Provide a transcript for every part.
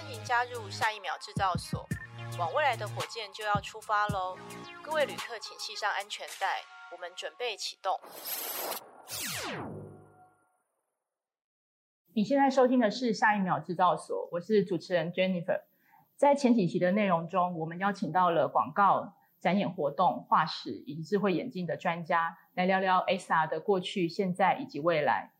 歡迎加入下一秒製造所，往未來的火箭就要出發嘍！各位旅客，請繫上安全帶，我們準備啟動。你現在收聽的是下一秒製造所，我是主持人 Jennifer。在前幾期的內容中，我們邀請到了廣告展演活動、畫師以及智慧眼鏡的專家，來聊聊 AR 的過去、現在以及未來。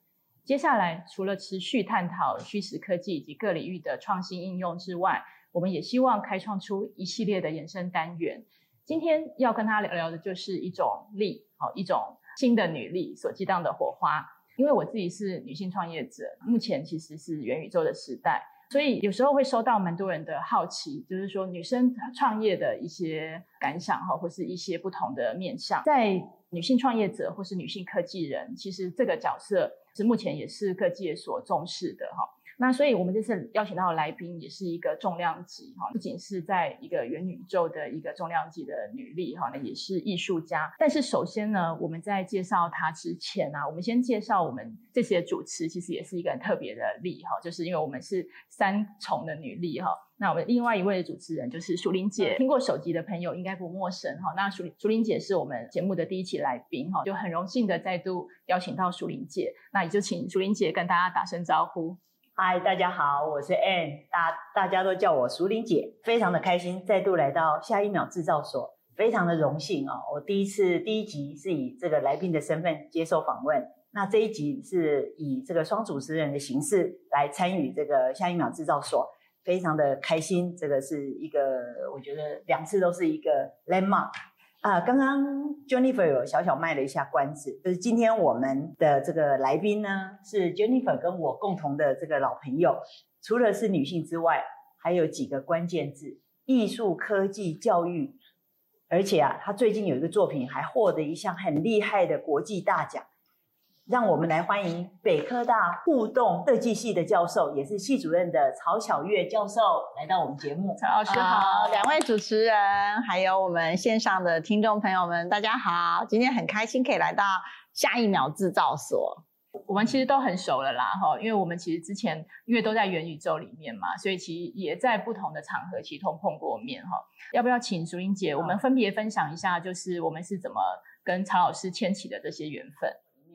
接下來，除了持續探討虛實科技以及各領域的創新應用之外，我們也希望開創出一系列的衍生單元。今天要跟大家聊聊的，就是一種力，一種新的女力所激盪的火花。因為我自己是女性創業者，目前其實是元宇宙的時代，所以有時候會收到蠻多人的好奇，就是說女生創業的一些感想，哈，或是一些不同的面向，在。女性創業者或是女性科技人，其實這個角色是目前也是各界所重視的哈。那所以我們這次邀請到的來賓也是一個重量級哈，不僅是在一個元宇宙的一個重量級的女力哈，那也是藝術家。但是首先呢，我們在介紹她之前啊，我們先介紹我們這些主持，其實也是一個很特別的力哈，就是因為我們是三重的女力哈。那我們另外一位的主持人就是淑鈴姐，聽過首集的朋友應該不陌生哈。那淑淑鈴姐是我們節目的第一期來賓哈，就很榮幸的再度邀請到淑鈴姐。那也就請淑鈴姐跟大家打聲招呼。嗨，大家好，我是 Ann，大大家都叫我淑鈴姐，非常的開心再度來到下一秒制造所，非常的榮幸啊。我第一次第一集是以這個來賓的身份接受訪問，那這一集是以這個雙主持人的形式來參與這個下一秒制造所。非常的開心，這個是一個我覺得兩次都是一個 landmark 啊。剛剛 Jennifer 有小小賣了一下關子，就是今天我們的這個來賓呢，是 Jennifer 跟我共同的這個老朋友，除了是女性之外，還有幾個關鍵字：藝術、科技、教育。而且啊，她最近有一個作品還獲得一項很厲害的國際大獎。讓我們來歡迎北科大互動設計系的教授，也是系主任的曹筱玥教授來到我們節目。曹老師好，uh, 兩位主持人，還有我們線上的聽眾朋友們，大家好！今天很開心可以來到下一秒制造所，我們其實都很熟了啦，哈，因為我們其實之前因為都在元宇宙裡面嘛，所以其實也在不同的場合其實都碰過面，哈。要不要請淑鈴姐，我們分別分享一下，就是我們是怎麼跟曹老師牽起的這些緣分？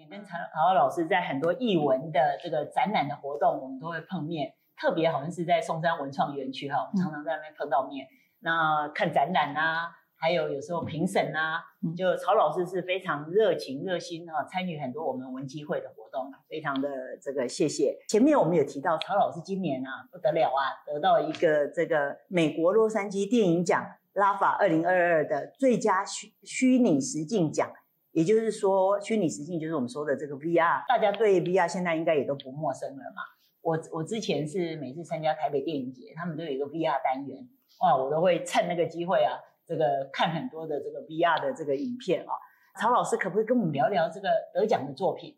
跟曹曹老師在很多藝文的這個展覽的活動，我們都會碰面，特別好像是在松山文創園區哈，我們常常在那邊碰到面。那看展覽啊，還有有時候評審啊，就曹老師是非常熱情熱心哈，參與很多我們文基會的活動，啊，非常的這個謝謝。前面我們有提到曹老師今年啊不得了啊，得到一個這個美國洛杉磯電影獎《拉法二零二二》的最佳虛虛擬實境獎。也就是說，虛擬實境就是我們說的這個 VR，大家對 VR 現在應該也都不陌生了嘛。我我之前是每次參加台北電影節，他們都有一個 VR 單元，哇，我都會趁那個機會啊，這個看很多的這個 VR 的這個影片啊。曹老師可不可以跟我們聊聊這個得獎的作品？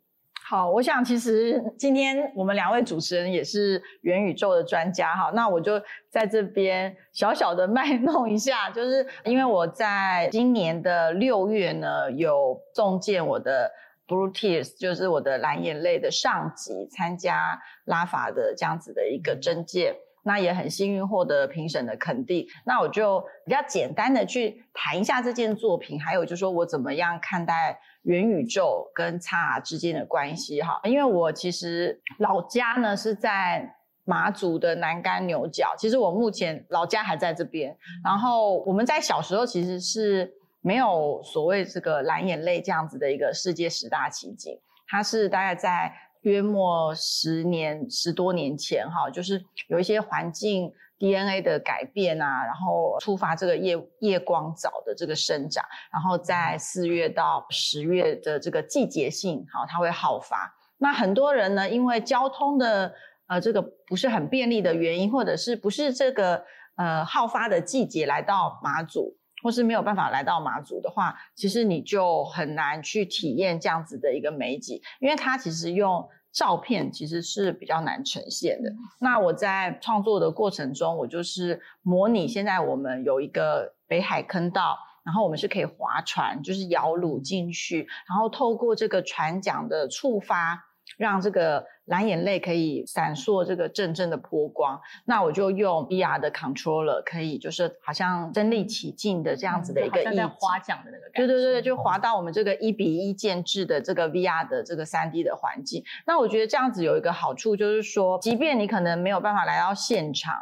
好，我想其實今天我們兩位主持人也是元宇宙的專家，哈，那我就在這邊小小的賣弄一下，就是因為我在今年的六月呢，有中件我的 Blue Tears，就是我的藍眼淚的上集參加拉法的這樣子的一個徵件。那也很幸運獲得評審的肯定，那我就比較簡單的去談一下這件作品，還有就是說我怎麼樣看待。元宇宙跟差之間的關係哈，因為我其實老家呢是在馬祖的南竿牛角，其實我目前老家還在這邊。然後我們在小時候其實是沒有所謂這個藍眼淚這樣子的一個世界十大奇景。它是大概在約莫十年十多年前哈，就是有一些環境。DNA 的改變啊，然後觸發這個夜夜光藻的這個生長，然後在四月到十月的這個季節性，好，它會好發。那很多人呢，因為交通的呃這個不是很便利的原因，或者是不是這個呃好發的季節來到馬祖，或是沒有辦法來到馬祖的話，其實你就很難去體驗這樣子的一個美景，因為它其實用。照片其實是比較難呈現的。那我在創作的過程中，我就是模擬現在我們有一個北海坑道，然後我們是可以划船，就是搖櫓進去，然後透過這個船槳的觸發。讓這個藍眼淚可以閃爍這個陣陣的波光，那我就用 V R 的 controller 可以，就是好像身歷其境的這樣子的一個意境，嗯、像在划槳的那個感覺。對對對，就滑到我們這個一比一建制的這個 V R 的這個三 D 的環境。嗯、那我覺得這樣子有一個好處，就是說，即便你可能沒有辦法來到現場，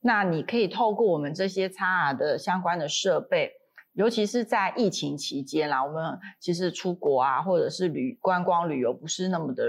那你可以透過我們這些 XR 的相關的設備。尤其是在疫情期間啦，我們其實出國啊，或者是旅觀光旅遊不是那麼的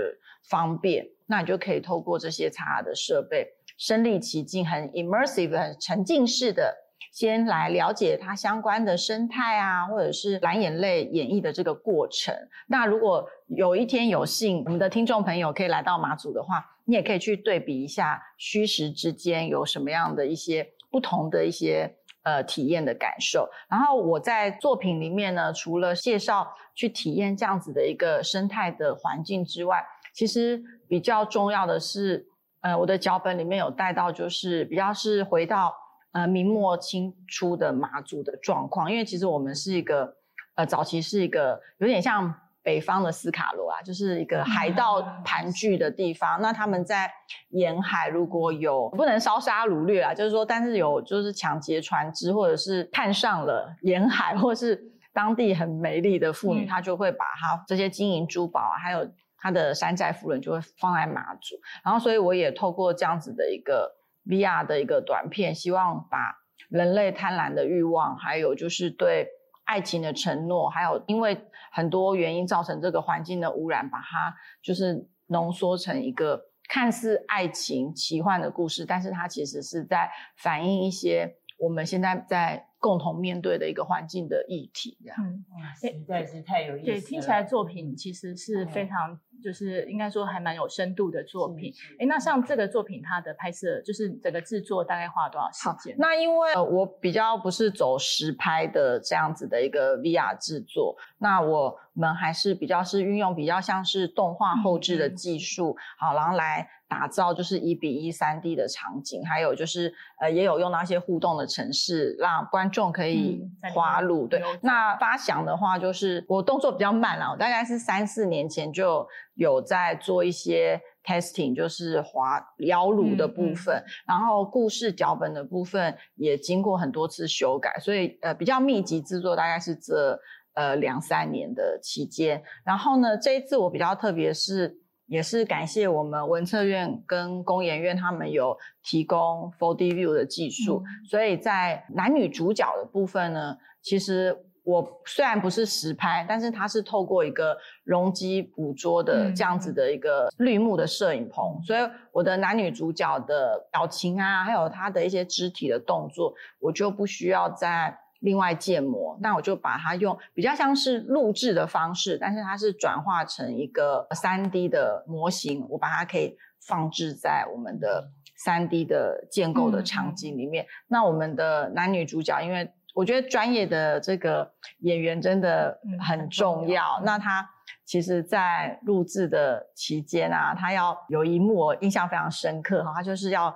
方便，那你就可以透過這些 XR 的設備，身臨其境，很 immersive、很沉浸式的，先來了解它相關的生態啊，或者是藍眼淚演繹的這個過程。那如果有一天有幸，我們的聽眾朋友可以來到馬祖的話，你也可以去對比一下虛實之間有什麼樣的一些不同的一些。呃，體驗的感受。然後我在作品裡面呢，除了介紹去體驗這樣子的一個生態的環境之外，其實比較重要的是，呃，我的腳本裡面有帶到，就是比較是回到呃明末清初的馬祖的狀況，因為其實我們是一個，呃，早期是一個有點像。北方的斯卡羅啊，就是一個海盜盤踞的地方。嗯、那他們在沿海如果有不能燒殺擄掠啊，就是說，但是有就是搶劫船隻，或者是看上了沿海或是當地很美麗的婦女，嗯、他就會把他這些金銀珠寶、啊，還有他的山寨夫人，就會放在馬祖。然後，所以我也透過這樣子的一個 V R 的一個短片，希望把人類貪婪的慾望，還有就是對。愛情的承諾，還有因為很多原因造成這個環境的污染，把它就是濃縮成一個看似愛情奇幻的故事，但是它其實是在反映一些我們現在在共同面對的一個環境的議題。這樣。嗯，哇，實在是太有意思了。欸，對，聽起來作品其實是非常。嗯就是應該說還蠻有深度的作品，哎是、欸，那像這個作品它的拍攝就是整個製作大概花了多少時間？那因為、呃、我比較不是走實拍的這樣子的一個 VR 製作，那我。我們還是比較是運用比較像是動畫後製的技術，嗯嗯好，然後來打造就是一比一三 D 的場景，還有就是呃也有用到一些互動的程式，讓觀眾可以滑擼。嗯、對，那發想的話就是我動作比較慢啦，我大概是三四年前就有在做一些 testing，就是滑搖擼的部分，嗯嗯然後故事腳本的部分也經過很多次修改，所以呃比較密集制作大概是這。呃，兩三年的期間，然後呢，這一次我比較特別是，也是感謝我們文策院跟工研院他們有提供 4D View 的技術，嗯、所以在男女主角的部分呢，其實我雖然不是實拍，但是它是透過一個容積捕捉的這樣子的一個綠幕的攝影棚，嗯、所以我的男女主角的表情啊，還有他的一些肢體的動作，我就不需要再。另外建模，那我就把它用比較像是錄製的方式，但是它是轉化成一個 3D 的模型，我把它可以放置在我們的 3D 的建構的場景裡面。嗯、那我們的男女主角，因為我覺得專業的這個演員真的很重要。嗯、很重要的，那他其實，在錄製的期間啊，他要有一幕我印象非常深刻，他就是要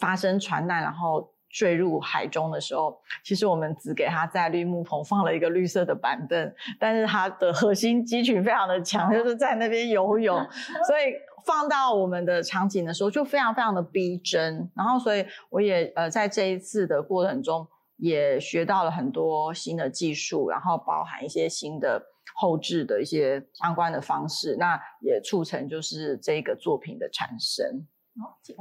發生船難，然後。墜入海中的時候，其實我們只給它在綠幕棚放了一個綠色的板凳，但是它的核心肌群非常的強，就是在那邊游泳， 所以放到我們的場景的時候就非常非常的逼真。然後，所以我也呃在這一次的過程中也學到了很多新的技術，然後包含一些新的後製的一些相關的方式，那也促成就是這個作品的產生。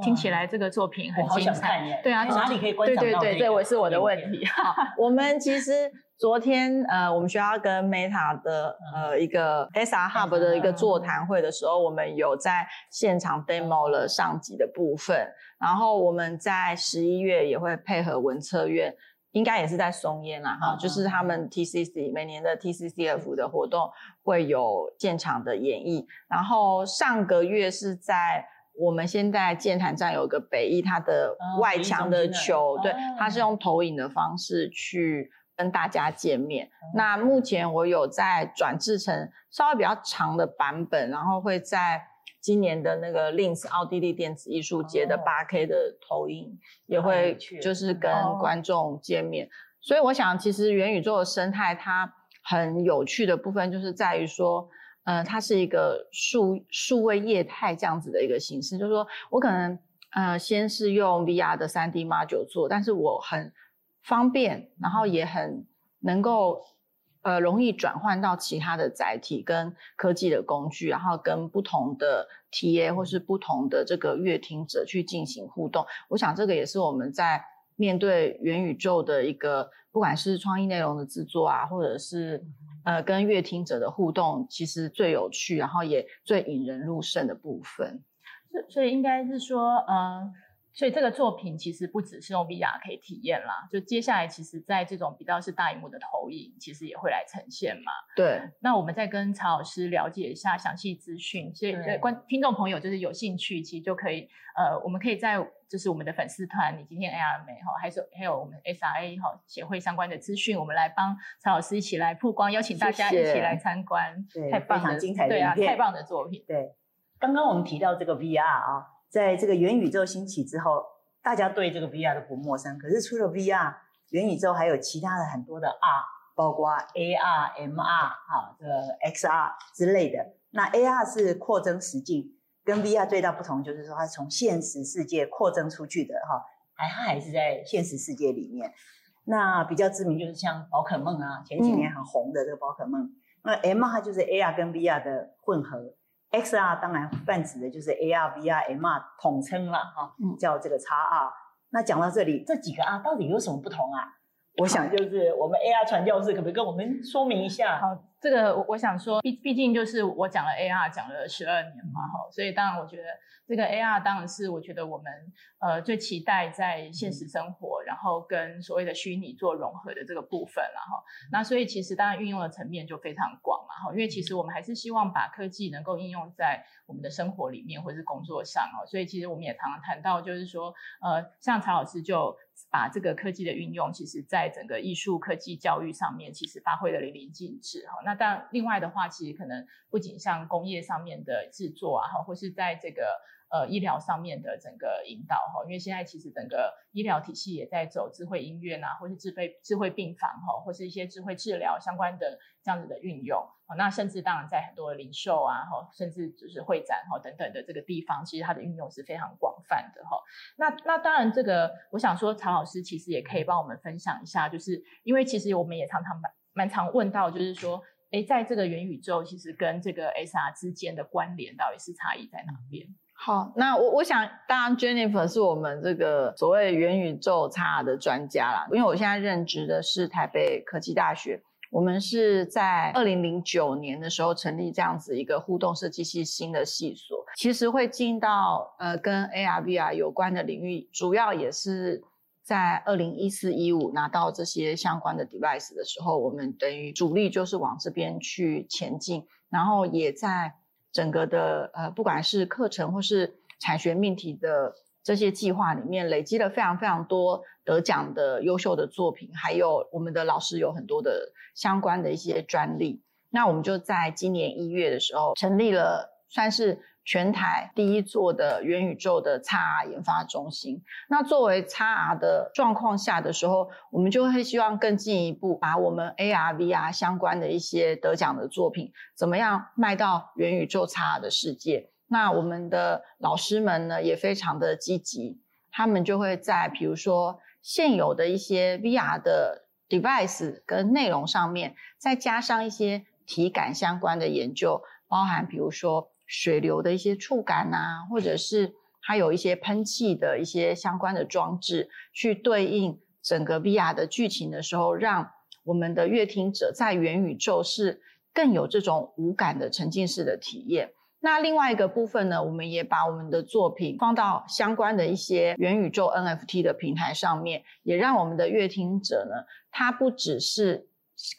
聽起來這個作品很精彩，好想看對啊，哪裡？可以觀察到。對對對，這也是我的問題片。 我們其實昨天呃，我們學校跟 Meta 的，呃一個 SR Hub 的一個座談會的時候，嗯、哼我們有在現場 demo 了上集的部分。然後我們在十一月也會配合文策院，應該也是在松菸啦哈，嗯、哼就是他們 TCC 每年的 TCCF 的活動會有現場的演繹。然後上個月是在。我們現在劍潭站有個北藝，它的外牆的球，對，它是用投影的方式去跟大家見面。那目前我有在轉制成稍微比較長的版本，然後會在今年的那個 Linz 奧地利電子藝術節的八 K 的投影，也會就是跟觀眾見面。所以我想，其實元宇宙的生態，它很有趣的部分就是在於說。呃，它是一個數數位業態這樣子的一個形式，就是說我可能呃先是用 VR 的 3D module 做，但是我很方便，然後也很能夠呃容易轉換到其他的載體跟科技的工具，然後跟不同的 TA 或是不同的這個閱聽者去進行互動，我想這個也是我們在面對元宇宙的一個，不管是創意內容的制作啊，或者是。呃，跟閱聽者的互動其實最有趣，然後也最引人入勝的部分。所以應該是說，呃，所以這個作品其實不只是用 VR 可以體驗啦。就接下來，其實，在這種比較是大熒幕的投影，其實也會來呈現嘛。對。那我們再跟曹老師了解一下詳細資訊，所以觀對聽眾朋友就是有興趣，其實就可以，呃，我們可以在。就是我們的粉絲團，你今天 AR 沒哈，還是還有我們 XRA 哈協會相關的資訊，我們來幫曹老師一起來曝光，邀請大家一起來參觀。謝謝，對，太棒的，非常精彩的影片。對啊，太棒的作品。對，剛剛我們提到這個 VR 啊，在這個元宇宙興起之後，大家對這個 VR 都不陌生。可是除了 VR 元宇宙，還有其他的很多的 R，包括 AR、MR 啊、這個 XR 之類的。那 AR 是擴增實境。跟 VR 最大不同就是說，它從現實世界擴增出去的哈，它還是在現實世界裡面。那比較知名就是像寶可夢啊，前幾年很紅的這個寶可夢。嗯、那 MR 就是 AR 跟 VR 的混合，XR 當然泛指的就是 AR、VR、MR 統稱了哈，叫這個 XR。嗯、那講到這裡，這幾個 R 到底有什麼不同啊？我想、啊、就是我們 AR 傳教士可不可以跟我們說明一下？哈。這個我我想說，畢畢竟就是我講了 AR 講了十二年嘛，哈，所以當然我覺得這個 AR 當然是我覺得我們呃最期待在現實生活，然後跟所謂的虛擬做融合的這個部分了哈。那所以其實當然運用的層面就非常廣嘛哈，因為其實我們還是希望把科技能夠應用在我們的生活裡面或是工作上哦。所以其實我們也常常談到，就是說呃像曹老師就把這個科技的運用，其實在整個藝術科技教育上面其實發揮的淋漓盡致哈。那那但另外的話，其實可能不僅像工業上面的製作啊，哈，或是在這個呃醫療上面的整個引導哈，因為現在其實整個醫療體系也在走智慧醫院啊，或是智慧智慧病房哈、啊，或是一些智慧治療相關的這樣子的運用啊，那甚至當然在很多的零售啊，哈，甚至就是會展哈等等的這個地方，其實它的運用是非常廣泛的哈。那那當然這個，我想說曹老師其實也可以幫我們分享一下，就是因為其實我們也常常蠻蠻常問到，就是說。哎，在這個元宇宙，其實跟這個 XR 之間的關聯，到底是差異在哪邊？好，那我我想，當然 Jennifer 是我們這個所謂元宇宙 XR 的專家啦。因為我現在任職的是台北科技大學，我們是在二零零九年的時候成立這樣子一個互動設計系新的系所，其實會進到呃跟 ARVR 有關的領域，主要也是。在二零一四一五拿到這些相關的 device 的時候，我們等於主力就是往這邊去前進，然後也在整個的呃，不管是課程或是產學命題的這些計劃裡面，累積了非常非常多得獎的優秀的作品，還有我們的老師有很多的相關的一些專利。那我們就在今年一月的時候成立了，算是。全台第一座的元宇宙的 XR 研發中心。那作為 XR 的狀況下的時候，我們就會希望更進一步把我們 AR、VR 相關的一些得獎的作品，怎麼樣賣到元宇宙 XR 的世界？那我們的老師們呢也非常的積極，他們就會在比如說現有的一些 VR 的 device 跟內容上面，再加上一些體感相關的研究，包含比如說。水流的一些觸感啊，或者是它有一些噴氣的一些相關的裝置，去對應整個 VR 的劇情的時候，讓我們的閱聽者在元宇宙是更有這種無感的沉浸式的體驗。那另外一個部分呢，我們也把我們的作品放到相關的一些元宇宙 NFT 的平台上面，也讓我們的閱聽者呢，他不只是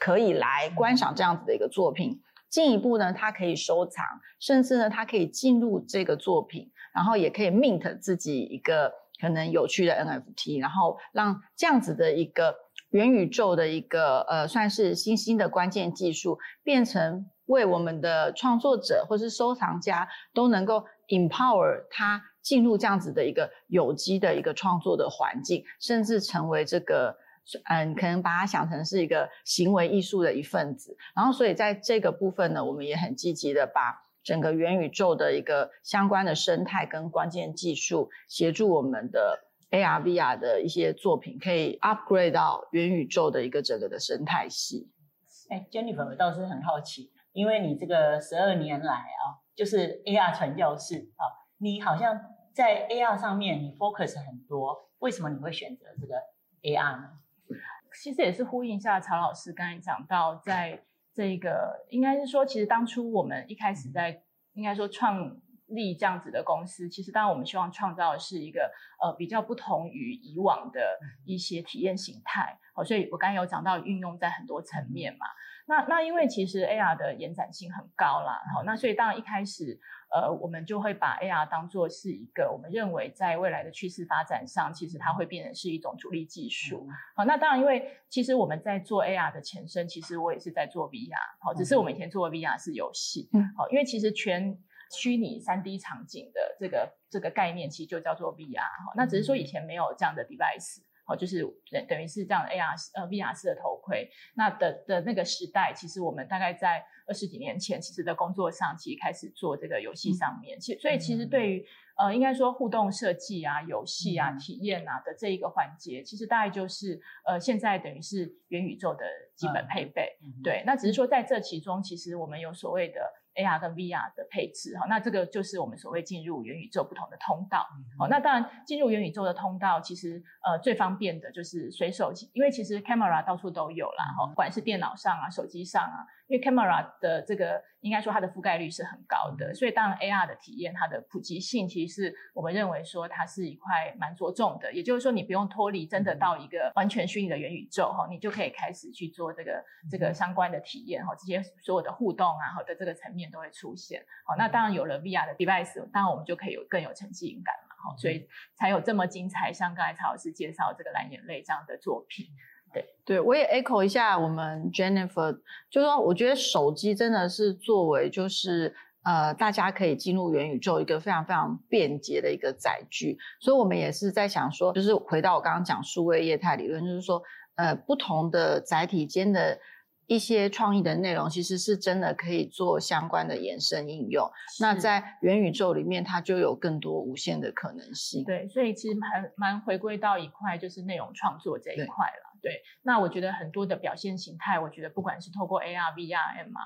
可以來觀賞這樣子的一個作品。嗯進一步呢，它可以收藏，甚至呢，它可以進入這個作品，然後也可以 mint 自己一個可能有趣的 NFT，然後讓這樣子的一個元宇宙的一個呃，算是新興的關鍵技術，變成為我們的創作者或是收藏家都能夠 empower 他進入這樣子的一個有機的一個創作的環境，甚至成為這個。嗯，可能把它想成是一個行為藝術的一份子，然後所以在這個部分呢，我們也很積極的把整個元宇宙的一個相關的生態跟關鍵技術，協助我們的 AR、VR 的一些作品可以 upgrade 到元宇宙的一個整個的生態系。哎，Jennifer，我倒是很好奇，因為你這個十二年來啊，就是 AR 傳教士啊，你好像在 AR 上面你 focus 很多，為什麼你會選擇這個 AR 呢？其實也是呼應一下曹老師剛才講到，在這個應該是說，其實當初我們一開始在應該說創立這樣子的公司，其實當然我們希望創造的是一個呃比較不同於以往的一些體驗形態。好，所以我剛才有講到運用在很多層面嘛。那那因為其實 AR 的延展性很高啦，好，那所以當然一開始。呃，我們就會把 AR 當作是一個我們認為在未來的趨勢發展上，其實它會變成是一種主力技術。好、嗯哦，那當然，因為其實我們在做 AR 的前身，其實我也是在做 VR、哦。好，只是我們以前做的 VR 是遊戲，嗯，好，因為其實全虛擬 3D 場景的這個這個概念，其實就叫做 VR、哦。好，那只是說以前沒有這樣的 device。嗯就是等等於是這樣的 AR 呃 VR 式的頭盔，那的的那個時代，其實我們大概在二十幾年前，其實的工作上其實開始做這個遊戲上面，其所以其實對於呃應該說互動設計啊、遊戲啊、體驗啊的這一個環節，其實大概就是呃現在等於是元宇宙的基本配備，對，那只是說在這其中，其實我們有所謂的。AR 跟 VR 的配置哈，那這個就是我們所謂進入元宇宙不同的通道。那當然進入元宇宙的通道，其實呃最方便的就是隨手，因為其實 camera 到處都有啦，哈，不管是電腦上啊、手機上啊。因為 camera 的這個，應該說它的覆蓋率是很高的，所以當然 AR 的體驗，它的普及性其實是我們認為說它是一塊蠻着重的。也就是說，你不用脫離，真的到一個完全虛擬的元宇宙哈，嗯嗯你就可以開始去做這個這個相關的體驗哈，這些所有的互動啊，或者這個層面都會出現。好、嗯，那當然有了 VR 的 device，當然我們就可以有更有沉浸感哈，嗯、所以才有這麼精彩，像剛才曹老師介紹這個藍眼淚這樣的作品。對，對我也 echo 一下，我們 Jennifer 就說，我覺得手機真的是作為就是呃，大家可以進入元宇宙一個非常非常便捷的一個載具，所以我們也是在想說，就是回到我剛剛講數位業態理論，就是說呃，不同的載體間的一些創意的內容，其實是真的可以做相關的延伸應用。是那在元宇宙裡面，它就有更多無限的可能性。對，所以其實蠻蠻回歸到一塊，就是內容創作這一塊了。對，那我覺得很多的表現形態，我覺得不管是透過 A R、V R、M 啊，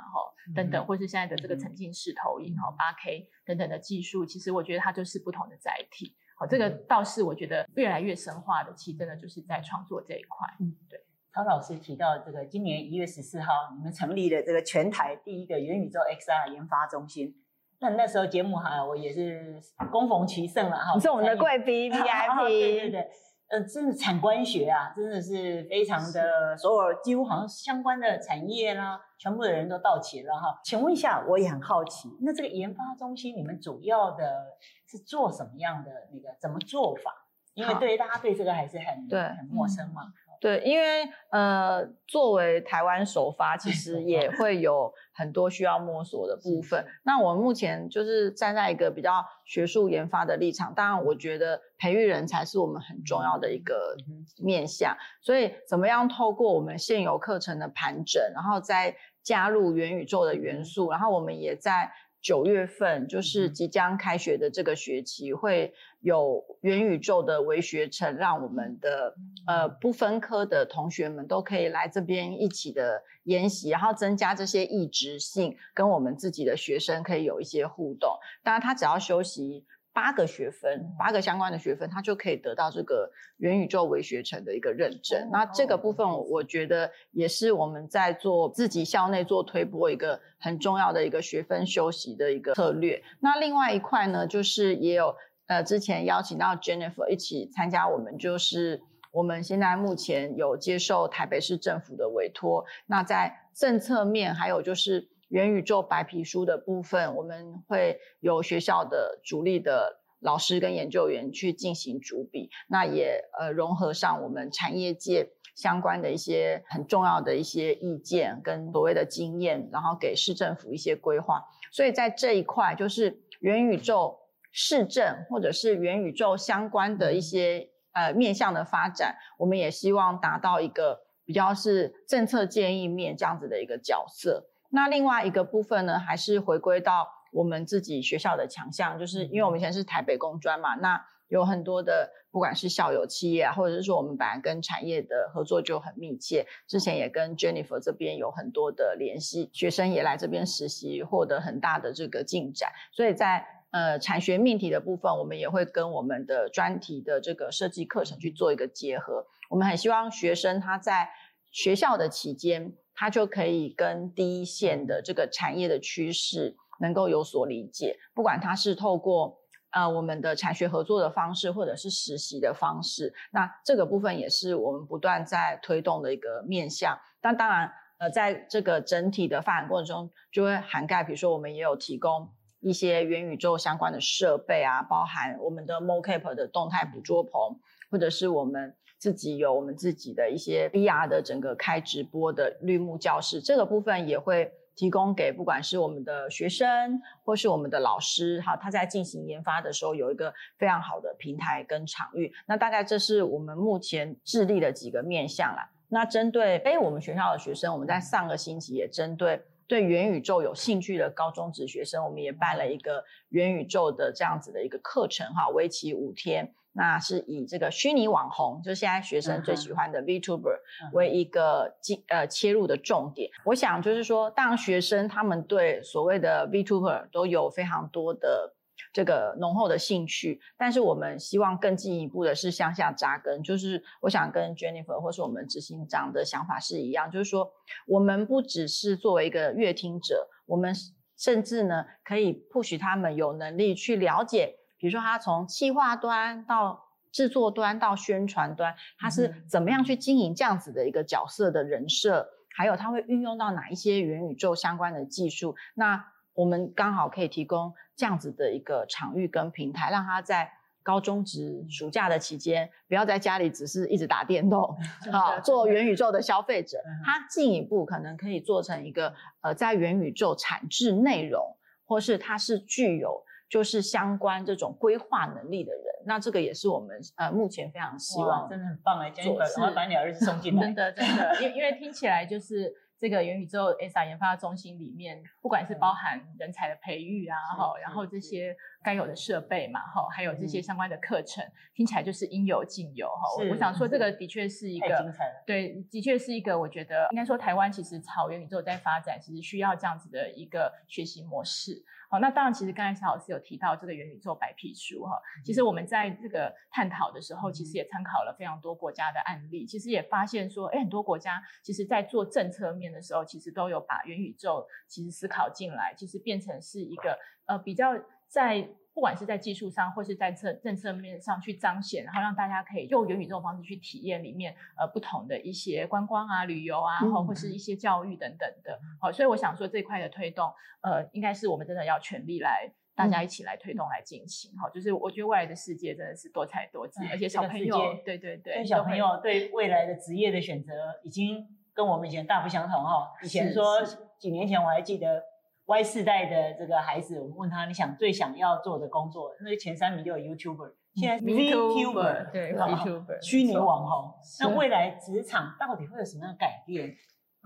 等等，嗯、或是現在的這個沉浸式投影，嗯嗯、然後，八 K 等等的技術，其實我覺得它就是不同的載體。好，這個倒是我覺得越來越深化的，其實真的就是在創作這一塊。嗯，對，曹老師提到這個，今年一月十四號，你們成立了這個全台第一個元宇宙 X R 研發中心。那那時候節目哈、啊，我也是恭逢其盛了哈，你是我們的貴賓 V I P。對對，對。呃，真的產官學啊，真的是非常的，所有幾乎好像相關的產業啦，全部的人都到齊了哈。請問一下，我也很好奇，那這個研發中心你們主要的是做什麼樣的那個，怎麼做法？因為對於好大家對這個還是很對很陌生嘛。嗯對，因為呃，作為台灣首發，其實也會有很多需要摸索的部分。 那我們目前就是站在一個比較學術研發的立場，當然我覺得培育人才是我們很重要的一個面向。嗯、哼所以，怎麼樣透過我們現有課程的盤整，然後再加入元宇宙的元素，然後我們也在。九月份就是即將開學的這個學期，會有元宇宙的微學程，讓我們的呃不分科的同學們都可以來這邊一起的研習，然後增加這些異質性，跟我們自己的學生可以有一些互動。當然，他只要休息。八個學分，八個相關的學分，他就可以得到這個元宇宙微學程的一個認證。Oh, no. 那這個部分，我覺得也是我們在做自己校內做推播一個很重要的一個學分修習的一個策略。那另外一塊呢，就是也有呃，之前邀請到 Jennifer 一起參加，我們就是我們現在目前有接受台北市政府的委托，那在政策面還有就是。元宇宙白皮書的部分，我們會由學校的主力的老師跟研究員去進行主筆，那也呃融合上我們產業界相關的一些很重要的一些意見跟所謂的經驗，然後給市政府一些規劃。所以在這一塊，就是元宇宙市政或者是元宇宙相關的一些、嗯、呃面向的發展，我們也希望達到一個比較是政策建議面這樣子的一個角色。那另外一個部分呢，還是回歸到我們自己學校的強項，就是因為我們以前是台北工專嘛，那有很多的不管是校友企業啊，或者是說我們本來跟產業的合作就很密切，之前也跟 Jennifer 這邊有很多的聯繫，學生也來這邊實習，獲得很大的這個進展，所以在呃產學命題的部分，我們也會跟我們的專題的這個設計課程去做一個結合，我們很希望學生他在學校的期間，他就可以跟第一線的這個產業的趨勢能夠有所理解。不管他是透過呃我們的產學合作的方式，或者是實習的方式，那這個部分也是我們不斷在推動的一個面向。但當然，呃，在這個整體的發展過程中，就會涵蓋，比如說我們也有提供一些元宇宙相關的設備啊，包含我們的 mocap 的動態捕捉棚，或者是我們。自己有我們自己的一些 VR 的整個開直播的綠幕教室，這個部分也會提供給不管是我們的學生或是我們的老師，哈，他在進行研發的時候有一個非常好的平台跟場域。那大概這是我們目前致力的幾個面向啦。那針對誒我們學校的學生，我們在上個星期也針對對元宇宙有興趣的高中職學生，我們也辦了一個元宇宙的這樣子的一個課程，哈，為期五天。那是以這個虛擬網紅，就是現在學生最喜歡的 VTuber、嗯、哼為一個進呃切入的重點。我想就是說，當學生他們對所謂的 VTuber 都有非常多的這個濃厚的興趣，但是我們希望更進一步的是向下紮根。就是我想跟 Jennifer 或是我們執行長的想法是一樣，就是說我們不只是作為一個閱聽者，我們甚至呢可以 push 他們有能力去了解。比如說，他從企劃端到製作端到宣傳端，他是怎麼樣去經營這樣子的一個角色的人設？還有，他會運用到哪一些元宇宙相關的技術？那我們剛好可以提供這樣子的一個場域跟平台，讓他在高中職暑假的期間，不要在家裡只是一直打電動啊， 做元宇宙的消費者。他進一步可能可以做成一個呃，在元宇宙產製內容，或是他是具有。就是相關這種規劃能力的人，那這個也是我們呃目前非常希望，真的很棒哎、啊，真的是把你兒子送進來，真的真的，因為因為聽起來就是這個元宇宙 ESA 研發中心裡面，不管是包含人才的培育啊，好是，然後這些。該有的設備嘛，哈，還有這些相關的課程，嗯，聽起來就是應有盡有哈。是我想說，這個的確是一個，精彩對，的確是一個。我覺得應該說，台灣其實朝元宇宙在發展，其實需要這樣子的一個學習模式。好，那當然，其實剛才筱老師有提到這個元宇宙白皮書哈。其實我們在這個探討的時候，其實也參考了非常多國家的案例。其實也發現說，哎，很多國家其實，在做政策面的時候，其實都有把元宇宙其實思考進來，其實變成是一個呃比較。在不管是在技術上，或是在政政策面上去彰顯，然後讓大家可以用元宇宙方式去體驗裡面呃不同的一些觀光啊、旅遊啊，或或是一些教育等等的。好，所以我想說這塊的推動，呃，應該是我們真的要全力來，大家一起來推動來進行。哈，就是我覺得未來的世界真的是多彩多姿，嗯嗯、而且小朋友世界對對對，小朋友對未來的職業的選擇已經跟我們以前大不相同。哈，以前是是說幾年前我還記得。Y 世代的這個孩子，我們問他，你想最想要做的工作，那前三名就有 YouTuber，、嗯、現在是 YouTuber，YouTuber 對是吧，YouTuber 虛擬網紅，So. 那未來職場到底會有什麼樣的改變？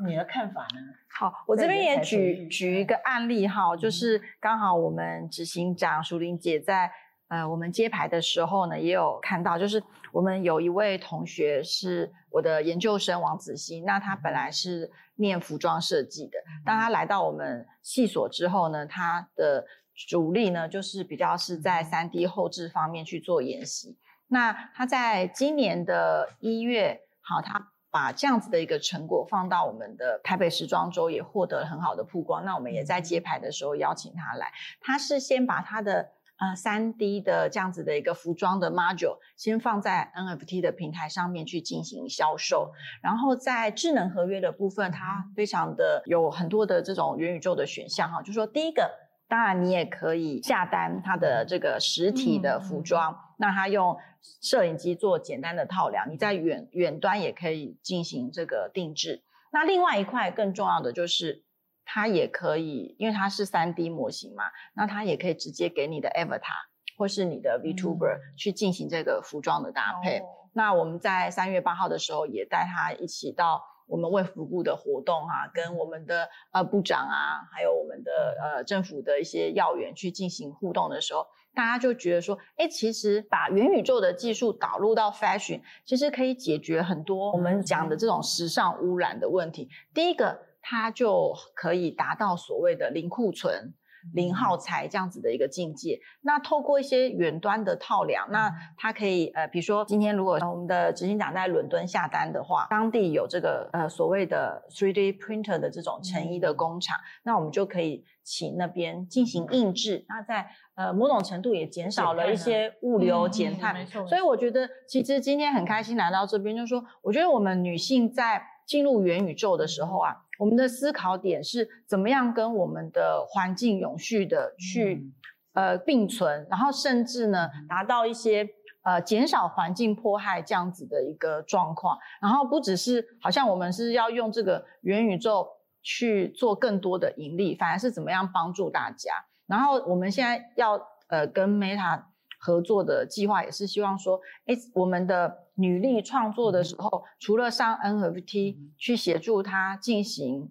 嗯、你的看法呢？好，我這邊也舉舉，舉一個案例哈、哦、嗯、就是剛好我們執行長淑鈴姐在。呃，我們揭牌的時候呢，也有看到，就是我們有一位同學是我的研究生王子熙，那他本來是念服裝設計的，當他來到我們系所之後呢，他的主力呢就是比較是在三 D 後製方面去做演習。那他在今年的一月，好，他把這樣子的一個成果放到我們的台北時裝周，也獲得了很好的曝光。那我們也在揭牌的時候邀請他來，他是先把他的。呃，三 D 的這樣子的一個服裝的 module，先放在 NFT 的平台上面去進行銷售。然後在智能合約的部分，嗯、它非常的有很多的這種元宇宙的選項哈。就是、說第一個，當然你也可以下單它的這個實體的服裝，那、嗯嗯、它用攝影機做簡單的套量，你在遠遠端也可以進行這個定製。那另外一塊更重要的就是。它也可以，因為它是三 D 模型嘛，那它也可以直接給你的 Avatar 或是你的 VTuber 去進行這個服裝的搭配。嗯、那我們在三月八號的時候也帶他一起到我們衛福部的活動哈、啊，跟我們的呃部長啊，還有我們的呃政府的一些要員去進行互動的時候，大家就覺得說，哎，其實把元宇宙的技術導入到 Fashion，其實可以解決很多我們講的這種時尚污染的問題。嗯、第一個。它就可以達到所謂的零庫存、零耗材這樣子的一個境界。嗯、那透過一些遠端的套量，嗯、那它可以呃，比如說今天如果我們的執行長在倫敦下單的話，當地有這個呃所謂的 3D printer 的這種成衣的工廠，嗯、那我們就可以請那邊進行印制。嗯、那在呃某種程度也減少了一些物流減碳。沒錯。所以我覺得其實今天很開心來到這邊，就是說我覺得我們女性在。進入元宇宙的時候啊，我們的思考點是怎麼樣跟我們的環境永續的去、嗯、呃並存，然後甚至呢達到一些呃減少環境迫害這樣子的一個狀況。然後不只是好像我們是要用這個元宇宙去做更多的盈利，反而是怎麼樣幫助大家。然後我們現在要呃跟 Meta。合作的計劃也是希望說，哎、欸，我們的女力創作的時候，嗯、除了上 NFT 去協助她進行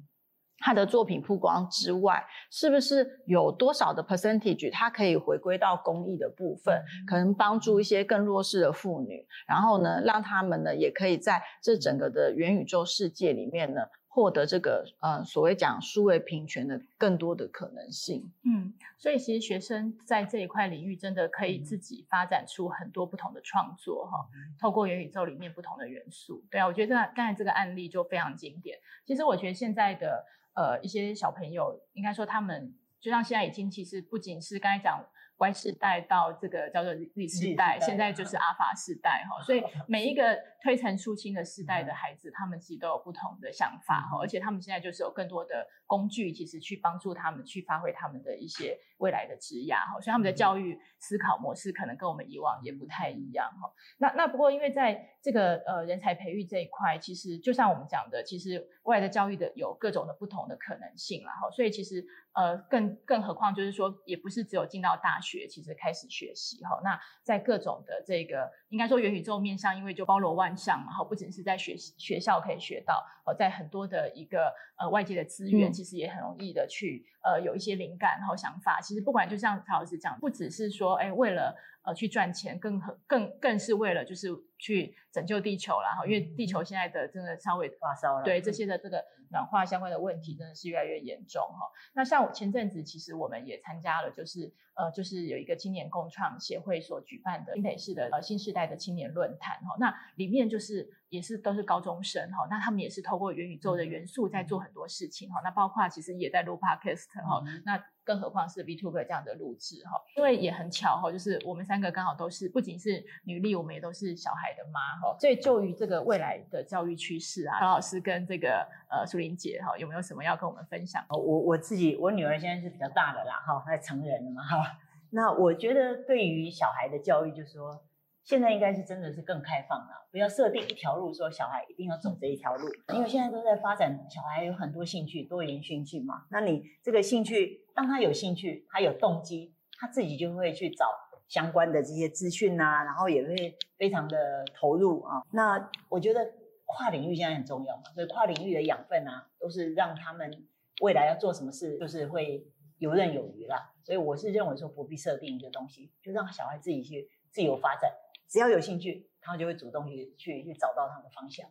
她的作品曝光之外，是不是有多少的 percentage 她可以回歸到公益的部分，嗯、可能幫助一些更弱勢的婦女，然後呢，讓他們呢也可以在這整個的元宇宙世界裡面呢。獲得這個呃所謂講數位平權的更多的可能性，嗯，所以其實學生在這一塊領域真的可以自己發展出很多不同的創作哈，嗯、透過元宇宙裡面不同的元素，對啊，我覺得剛才這個案例就非常經典。其實我覺得現在的呃一些小朋友，應該說他們就像現在已經其實不僅是剛才講。Y 世代到這個叫做 Z 世代，代現在就是阿法世代哈，嗯、所以每一個推陳出新的世代的孩子，嗯、他們自己都有不同的想法哈，嗯、而且他們現在就是有更多的。工具其實去幫助他們去發揮他們的一些未來的職涯哈，所以他們的教育思考模式可能跟我們以往也不太一樣哈。那那不過因為在這個呃人才培育這一塊，其實就像我們講的，其實未來的教育的有各種的不同的可能性啦哈。所以其實呃更更何況就是說，也不是只有進到大學其實開始學習哈。那在各種的這個應該說元宇宙面上，因為就包羅萬象嘛哈，不只是在學學校可以學到，呃，在很多的一個呃外界的資源。嗯其實也很容易的去呃有一些靈感，然後想法。其實不管就像曹老師講，不只是說哎、欸、為了呃去賺錢，更更更是為了就是去拯救地球啦。哈。因為地球現在的真的稍微發燒了，嗯嗯，對這些的這個暖化相關的問題真的是越來越嚴重哈。那像我前陣子其實我們也參加了，就是。呃，就是有一個青年共創協會所舉辦的新北市的呃新時代的青年論壇哈、哦，那裡面就是也是都是高中生哈、哦，那他們也是透過元宇宙的元素在做很多事情哈、嗯哦，那包括其實也在錄 podcast 哈，那更何況是 VTuber 這樣的錄製哈、哦，因為也很巧哈、哦，就是我們三個剛好都是，不僅是女力，我們也都是小孩的媽哈、哦，所以就於這個未來的教育趨勢啊，嗯、曹老師跟這個呃淑鈴姐哈、哦，有沒有什麼要跟我們分享？我我自己，我女兒現在是比較大的啦哈，她成人了嘛哈。那我覺得，對於小孩的教育，就是說現在應該是真的是更開放了，不要設定一條路，說小孩一定要走這一條路。因為現在都在發展，小孩有很多興趣，多元興趣嘛。那你這個興趣，當他有興趣，他有動機，他自己就會去找相關的這些資訊啊，然後也會非常的投入啊。那我覺得跨領域現在很重要嘛，所以跨領域的養分啊，都是讓他們未來要做什麼事，就是會。遊刃有餘啦，所以我是認為說不必設定一個東西，就讓小孩自己去自由發展，只要有興趣，他就會主動去去去找到他的方向。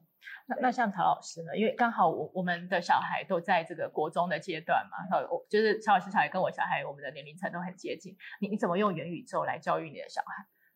那那像曹老師呢？因為剛好我我們的小孩都在這個國中的階段嘛，就是曹老師小孩跟我小孩，我們的年齡層都很接近。你你怎麼用元宇宙來教育你的小孩？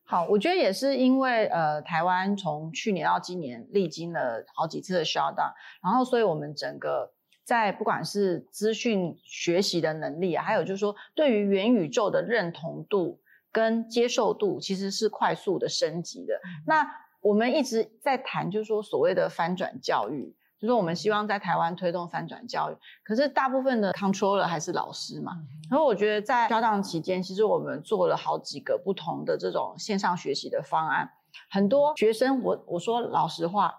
好，我覺得也是因為呃，台灣從去年到今年歷經了好幾次的 shutdown，然後所以我們整個。在不管是資訊學習的能力啊，還有就是說對於元宇宙的認同度跟接受度，其實是快速的升級的。嗯、那我們一直在談，就是說所謂的翻轉教育，就是說我們希望在台灣推動翻轉教育。可是大部分的 controller 還是老師嘛。然後、嗯、我覺得在飄蕩期間，其實我們做了好幾個不同的這種線上學習的方案，很多學生我，我我說老實話。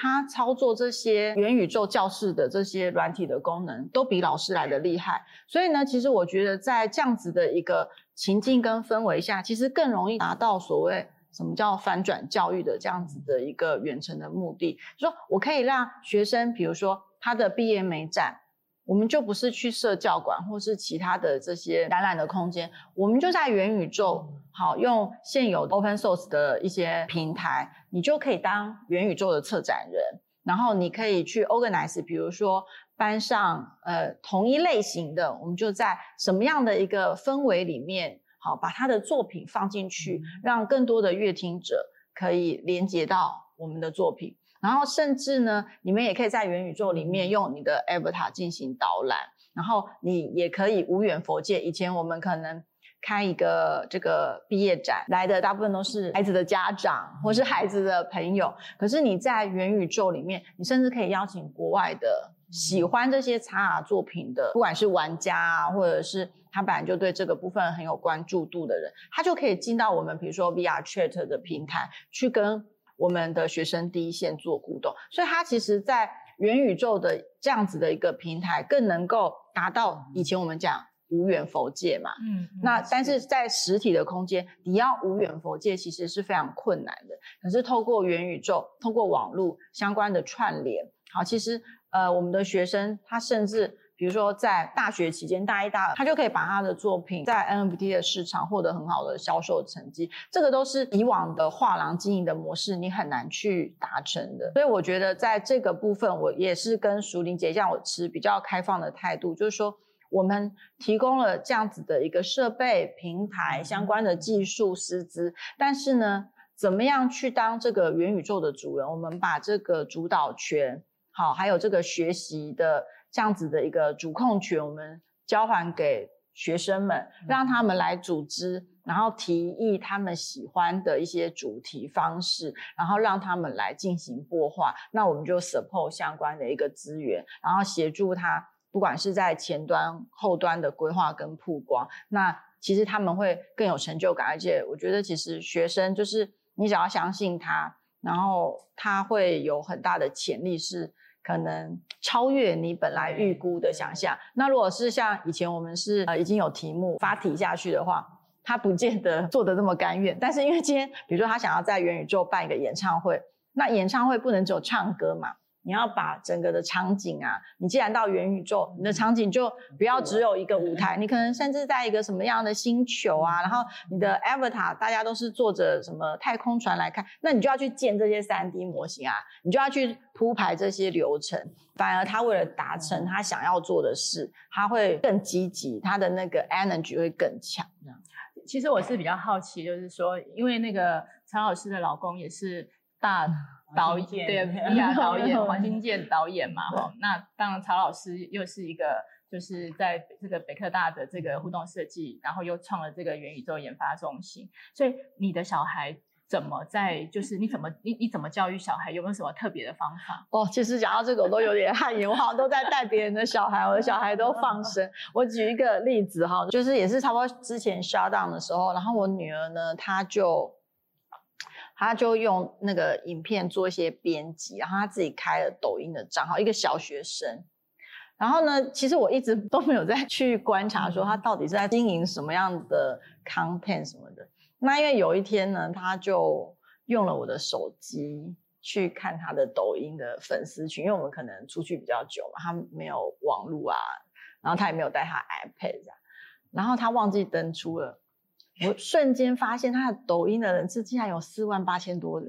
他操作這些元宇宙教室的這些軟體的功能，都比老師來得厲害。所以呢，其實我覺得在這樣子的一個情境跟氛圍下，其實更容易達到所謂什麼叫翻轉教育的這樣子的一個遠程的目的。就說我可以讓學生，比如說他的畢業美展。我們就不是去社教館或是其他的這些展覽的空間，我們就在元宇宙，好，用現有 open source 的一些平台，你就可以當元宇宙的策展人，然後你可以去 organize，比如說班上呃同一類型的，我們就在什麼樣的一個氛圍裡面，好，把他的作品放進去，讓更多的閱聽者可以連接到我們的作品。然後甚至呢，你們也可以在元宇宙裡面用你的 avatar 進行導覽，然後你也可以無遠弗屆。以前我們可能開一個這個畢業展，來的大部分都是孩子的家長或是孩子的朋友，嗯、可是你在元宇宙裡面，你甚至可以邀請國外的喜歡這些 XR 作品的，不管是玩家啊，或者是他本來就對這個部分很有關注度的人，他就可以進到我們比如說 VRChat 的平台去跟。我們的學生第一線做互動，所以它其實，在元宇宙的這樣子的一個平台，更能夠達到以前我們講無遠弗屆嘛。嗯，嗯那但是在實體的空間，你要無遠弗屆其實是非常困難的。可是透過元宇宙，透過網絡相關的串聯，好，其實呃，我們的學生他甚至。比如說，在大學期間，大一、大二，他就可以把他的作品在 NFT 的市場獲得很好的銷售成績。這個都是以往的畫廊經營的模式，你很難去達成的。所以，我覺得在這個部分，我也是跟淑鈴姐一樣，我持比較開放的態度，就是說，我們提供了這樣子的一個設備平台相關的技術師資，但是呢，怎麼樣去當這個元宇宙的主人？我們把這個主導權，好，還有這個學習的。這樣子的一個主控權，我們交還給學生們，讓他們來組織，然後提議他們喜歡的一些主題方式，然後讓他們來進行播畫，那我們就 support 相關的一個資源，然後協助他，不管是在前端、後端的規劃跟曝光，那其實他們會更有成就感，而且我覺得其實學生就是你只要相信他，然後他會有很大的潛力是。可能超越你本來預估的想象。那如果是像以前我們是呃已經有題目發題下去的話，他不見得做得這麼甘願。但是因為今天，比如說他想要在元宇宙辦一個演唱會，那演唱會不能只有唱歌嘛。你要把整個的場景啊，你既然到元宇宙，你的場景就不要只有一個舞台，你可能甚至在一個什麼樣的星球啊，然後你的 Avatar 大家都是坐着什麼太空船來看，那你就要去建這些 3D 模型啊，你就要去鋪排這些流程。反而他為了達成他想要做的事，他會更積極，他的那個 energy 會更強。這樣，其實我是比較好奇，就是說，因為那個曹老師的老公也是大。導演對，李亞導演、王新 健導演嘛，哈 對，那當然曹老師又是一個，就是在這個北科大的這個互動設計，然後又創了這個元宇宙研發中心，所以你的小孩怎麼在，就是你怎麼你你怎麼教育小孩，有沒有什麼特別的方法？哦，其實講到這個我都有點汗顏，我好像都在帶別人的小孩， 我的小孩都放生。我舉一個例子哈，就是也是差不多之前 shutdown 的時候，然後我女兒呢，她就。他就用那個影片做一些編輯，然後他自己開了抖音的賬號，一個小學生。然後呢，其實我一直都沒有再去觀察說他到底是在經營什麼樣的 content 什麼的。那因為有一天呢，他就用了我的手機去看他的抖音的粉絲群，因為我們可能出去比較久嘛，他沒有網絡啊，然後他也沒有帶他 iPad 啊，然後他忘記登出了。我瞬間發現他的抖音的人是竟然有四萬八千多人，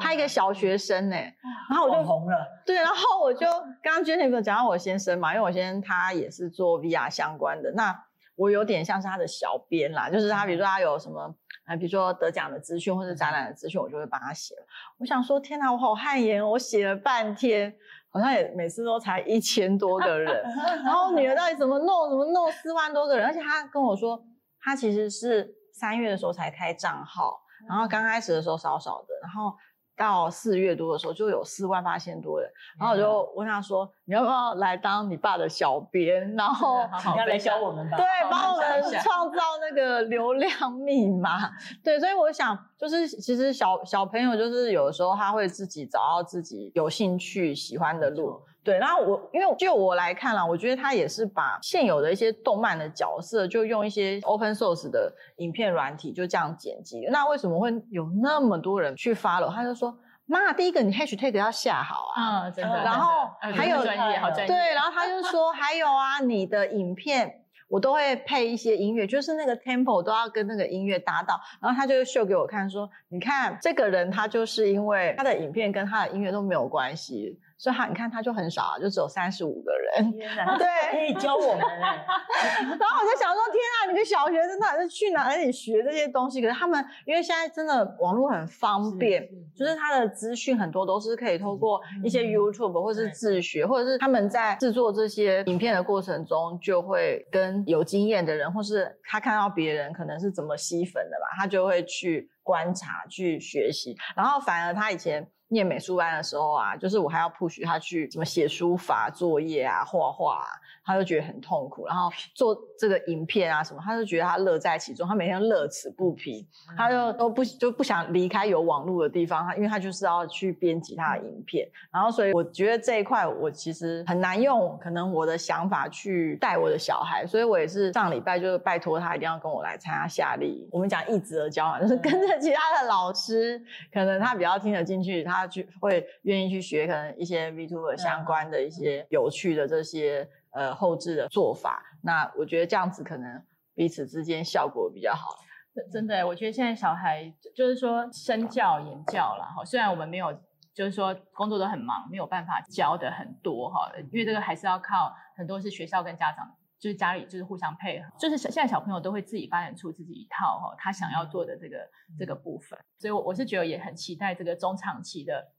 他、啊、一個小學生呢、欸，嗯、然後我就紅了，對，然後我就剛剛 Jennifer 講到我先生嘛，因為我先生他也是做 VR 相關的，那我有點像是他的小編啦，就是他比如說他有什麼，比如說得獎的資訊或者展覽的資訊，我就會幫他寫。嗯、我想說天哪，我好汗顏，我寫了半天，好像也每次都才一千多個人， 然後女兒到底怎麼弄、no, 怎麼弄、no, 四萬多個人，而且他跟我說他其實是。三月的時候才開賬號，然後剛開始的時候少少的，然後到四月多的時候就有四萬八千多人，然後我就問他說：“你要不要來當你爸的小編？”然後好好你要來教我們吧，對，幫我們創造那個流量密碼。對，所以我想，就是其實小小朋友，就是有的時候他會自己找到自己有興趣、喜歡的路。對，然後我因為就我來看啦，我覺得他也是把現有的一些動漫的角色，就用一些 open source 的影片軟體就這樣剪輯。那為什麼會有那麼多人去 follow？他就說：“媽，第一個你 hashtag 要下好啊，啊、嗯、真的。然後、哦、還有，對，然後他就說 還有啊，你的影片我都會配一些音樂，就是那個 tempo 都要跟那個音樂搭到。然後他就秀給我看說，說你看這個人，他就是因為他的影片跟他的音樂都沒有關係。”所以他，你看他就很少了，就只有三十五個人。天哪。對，可以教我們。然後我就想說，天啊，你們小學真的去哪裡學這些東西？可是他們因為現在真的網絡很方便，是是，就是他的資訊很多都是可以透過一些 YouTube、嗯、或是自學，嗯、或者是他們在製作這些影片的過程中，就會跟有經驗的人，或是他看到別人可能是怎麼吸粉的吧，他就會去觀察去學習。然後反而他以前，念美術班的時候啊，就是我還要 push 他去什麼寫書法作業啊，畫畫啊。啊他就覺得很痛苦，然後做這個影片啊什麼，他就覺得他樂在其中，他每天樂此不疲，嗯、他就都不就不想離開有網絡的地方，他因為他就是要去編輯他的影片，然後所以我覺得這一塊我其實很難用，可能我的想法去帶我的小孩，所以我也是上禮拜就是拜託他一定要跟我來參加夏令。嗯、我們講一直的交往，就是跟着其他的老師，可能他比較聽得進去，他去會願意去學，可能一些 VTuber 相關的一些有趣的這些。呃，後製的做法，那我覺得這樣子可能彼此之間效果比較好。真的，我覺得現在小孩就是說身教言教啦哈。雖然我們沒有，就是說工作都很忙，沒有辦法教得很多哈。因為這個還是要靠很多是學校跟家長，就是家裡就是互相配合。就是小現在小朋友都會自己發展出自己一套哈，他想要做的這個這個部分。所以，我我是覺得也很期待這個中長期的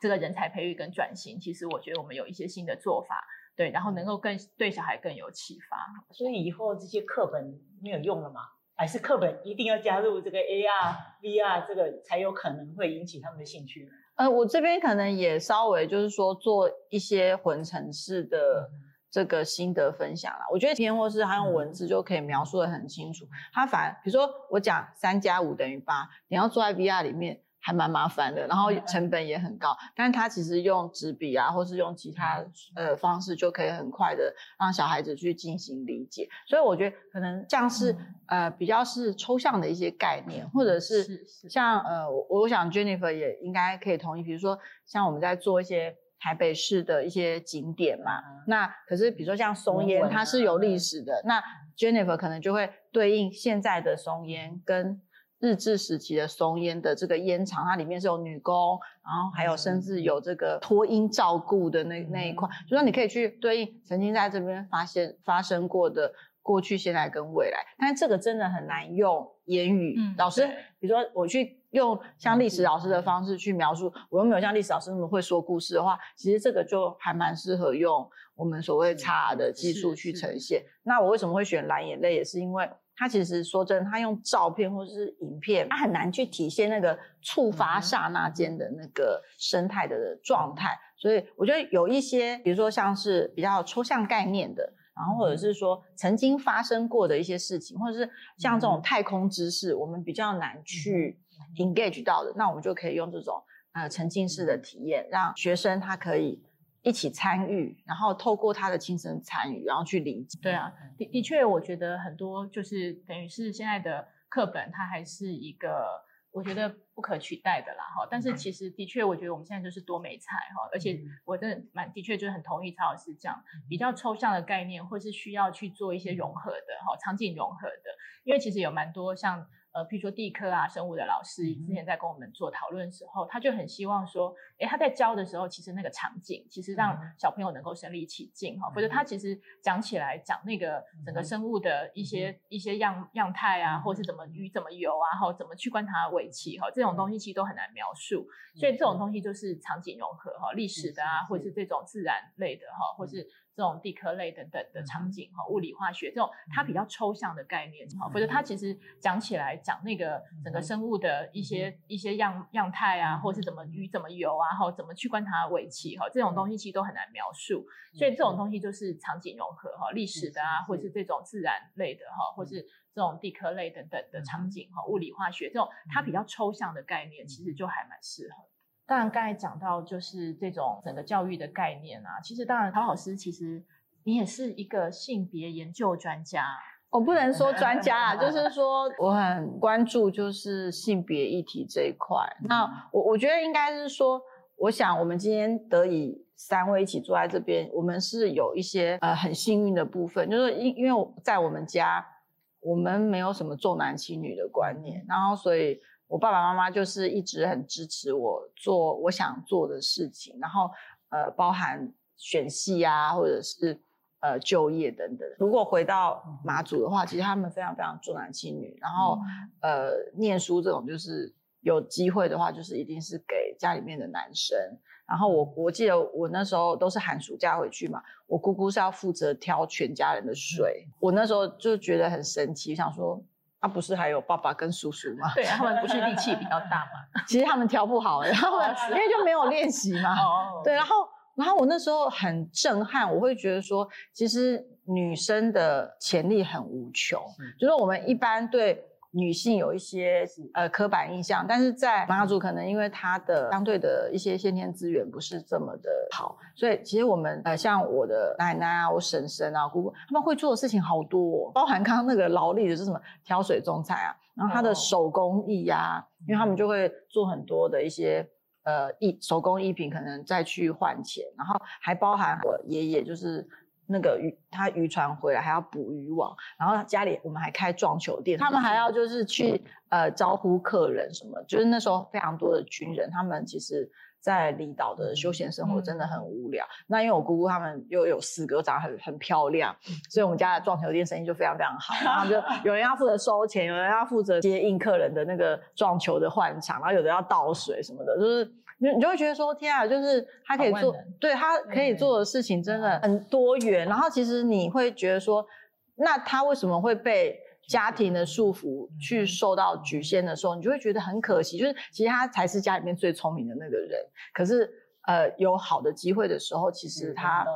這個人才培育跟轉型。其實，我覺得我們有一些新的做法。對，然後能夠更對小孩更有啟發，所以以後這些課本沒有用了嗎還是課本一定要加入這個 A R、V R 這個，才有可能會引起他們的興趣？嗯、呃，我這邊可能也稍微就是說做一些混成式的這個心得分享啦。我覺得，天或是他用文字就可以描述得很清楚。他反而，比如說我講三加五等於八，8, 你要坐在 V R 裡面。還蠻麻煩的，然後成本也很高，嗯、但是他其實用紙筆啊，或是用其他的、嗯、呃方式，就可以很快的讓小孩子去進行理解。嗯、所以我覺得可能這樣是、嗯、呃比較是抽象的一些概念，或者是像是是呃我想 Jennifer 也應該可以同意，比如說像我們在做一些台北市的一些景點嘛，嗯、那可是比如說像松菸，文文啊、它是有歷史的，嗯、那 Jennifer 可能就會對應現在的松菸跟日治時期的松菸的這個菸廠，它裡面是有女工，然後還有甚至有這個托嬰照顧的那、嗯、那一塊，所以說你可以去對應曾經在這邊發現發生過的過去、現在跟未來。但這個真的很難用言語，嗯、老師，比如說我去用像歷史老師的方式去描述，我又沒有像歷史老師那麼會說故事的話，其實這個就還蠻適合用我們所謂 XR 的技術去呈現。那我為什麼會選藍眼淚，也是因為。他其實說真的，他用照片或者是影片，他很難去體現那個觸發剎那間的那個生態的狀態。嗯，所以我覺得有一些，比如說像是比較抽象概念的，然後或者是說曾經發生過的一些事情，或者是像這種太空知識，我們比較難去 engage 到的，那我們就可以用這種呃沉浸式的體驗，讓學生他可以。一起參與，然後透過他的親身參與，然後去理解。對啊，的的確，我覺得很多就是等於是現在的課本，它還是一個我覺得不可取代的啦哈。但是其實的確，我覺得我們現在就是多媒材哈，而且我真的蠻的確就很同意曹老師這樣比較抽象的概念，或是需要去做一些融合的哈、嗯哦，場景融合的，因為其實有蠻多像。呃，譬如說地科啊，生物的老師之前在跟我們做討論的時候，mm hmm. 他就很希望說，哎、欸，他在教的時候，其實那個場景，其實讓小朋友能夠身臨其境哈。或、mm hmm. 者他其實講起來講那個整個生物的一些、mm hmm. 一些樣樣態啊，mm hmm. 或是怎麼魚怎麼游啊，或怎麼去觀察它尾鰭哈，這種東西其實都很難描述。Mm hmm. 所以這種東西就是場景融合哈，歷史的啊，mm hmm. 或是這種自然類的哈，或是。這種地科類等等的場景哈、哦，物理化學這種它比較抽象的概念哈，否則、嗯、它其實講起來講那個整個生物的一些、嗯、一些樣樣態啊，嗯、或者是怎麼魚怎麼游啊，或、哦、怎麼去觀察它尾鰭哈、哦，這種東西其實都很難描述。嗯、所以這種東西就是場景融合哈，歷史的啊，是是是或者是這種自然類的哈，或者是這種地科類等等的場景哈，嗯、物理化學這種它比較抽象的概念，其實就還蠻適合。當然，剛才講到就是這種整個教育的概念啊，其實當然，曹老師其實你也是一個性別研究專家，我不能說專家啊， 就是說我很關注就是性別議題這一塊。那我我覺得應該是說，我想我們今天得以三位一起坐在這邊，我們是有一些呃很幸運的部分，就是因因為我在我們家，我們沒有什麼重男輕女的觀念，然後所以。我爸爸媽媽就是一直很支持我做我想做的事情，然後呃，包含選系啊，或者是呃就業等等。如果回到馬祖的話，其實他們非常非常重男輕女，然後、嗯、呃，念書這種就是有機會的話，就是一定是給家裡面的男生。然後我我記得我那時候都是寒暑假回去嘛，我姑姑是要負責挑全家人的水，嗯、我那時候就覺得很神奇，想說。他、啊、不是還有爸爸跟叔叔嗎？對、啊， 他們不是力氣比較大嗎？ 其實他們跳不好，然後因為就沒有練習嘛。哦、 啊，啊啊、對，然後然後我那時候很震撼，我會覺得說，其實女生的潛力很無窮，是就是我們一般對。女性有一些是呃刻板印象，但是在馬祖可能因為她的相對的一些先天資源不是這麼的好，所以其實我們呃像我的奶奶啊、我嬸嬸啊、姑姑，他們會做的事情好多，哦，包含剛剛那個勞力的是什麼挑水種菜啊，然後她的手工藝呀，啊，哦、因為他們就會做很多的一些呃藝手工藝品，可能再去換錢，然後還包含我爺爺就是。那個漁他漁船回來還要補漁網，然後他家裡我們還開撞球店，他們還要就是去、嗯、呃招呼客人什麼，就是那時候非常多的軍人，他們其實在離島的休閒生活真的很無聊。嗯、那因為我姑姑他們又有四個，長得很很漂亮，所以我們家的撞球店生意就非常非常好。然後就有人要負責收錢， 有人要負責接應客人的那個撞球的換場，然後有的要倒水什麼的，就是。你你就會覺得說天啊，就是他可以做，對他可以做的事情真的很多元。然後其實你會覺得說，那他為什麼會被家庭的束縛去受到局限的時候，你就會覺得很可惜。就是其實他才是家裡面最聰明的那個人，可是呃有好的機會的時候，其實他，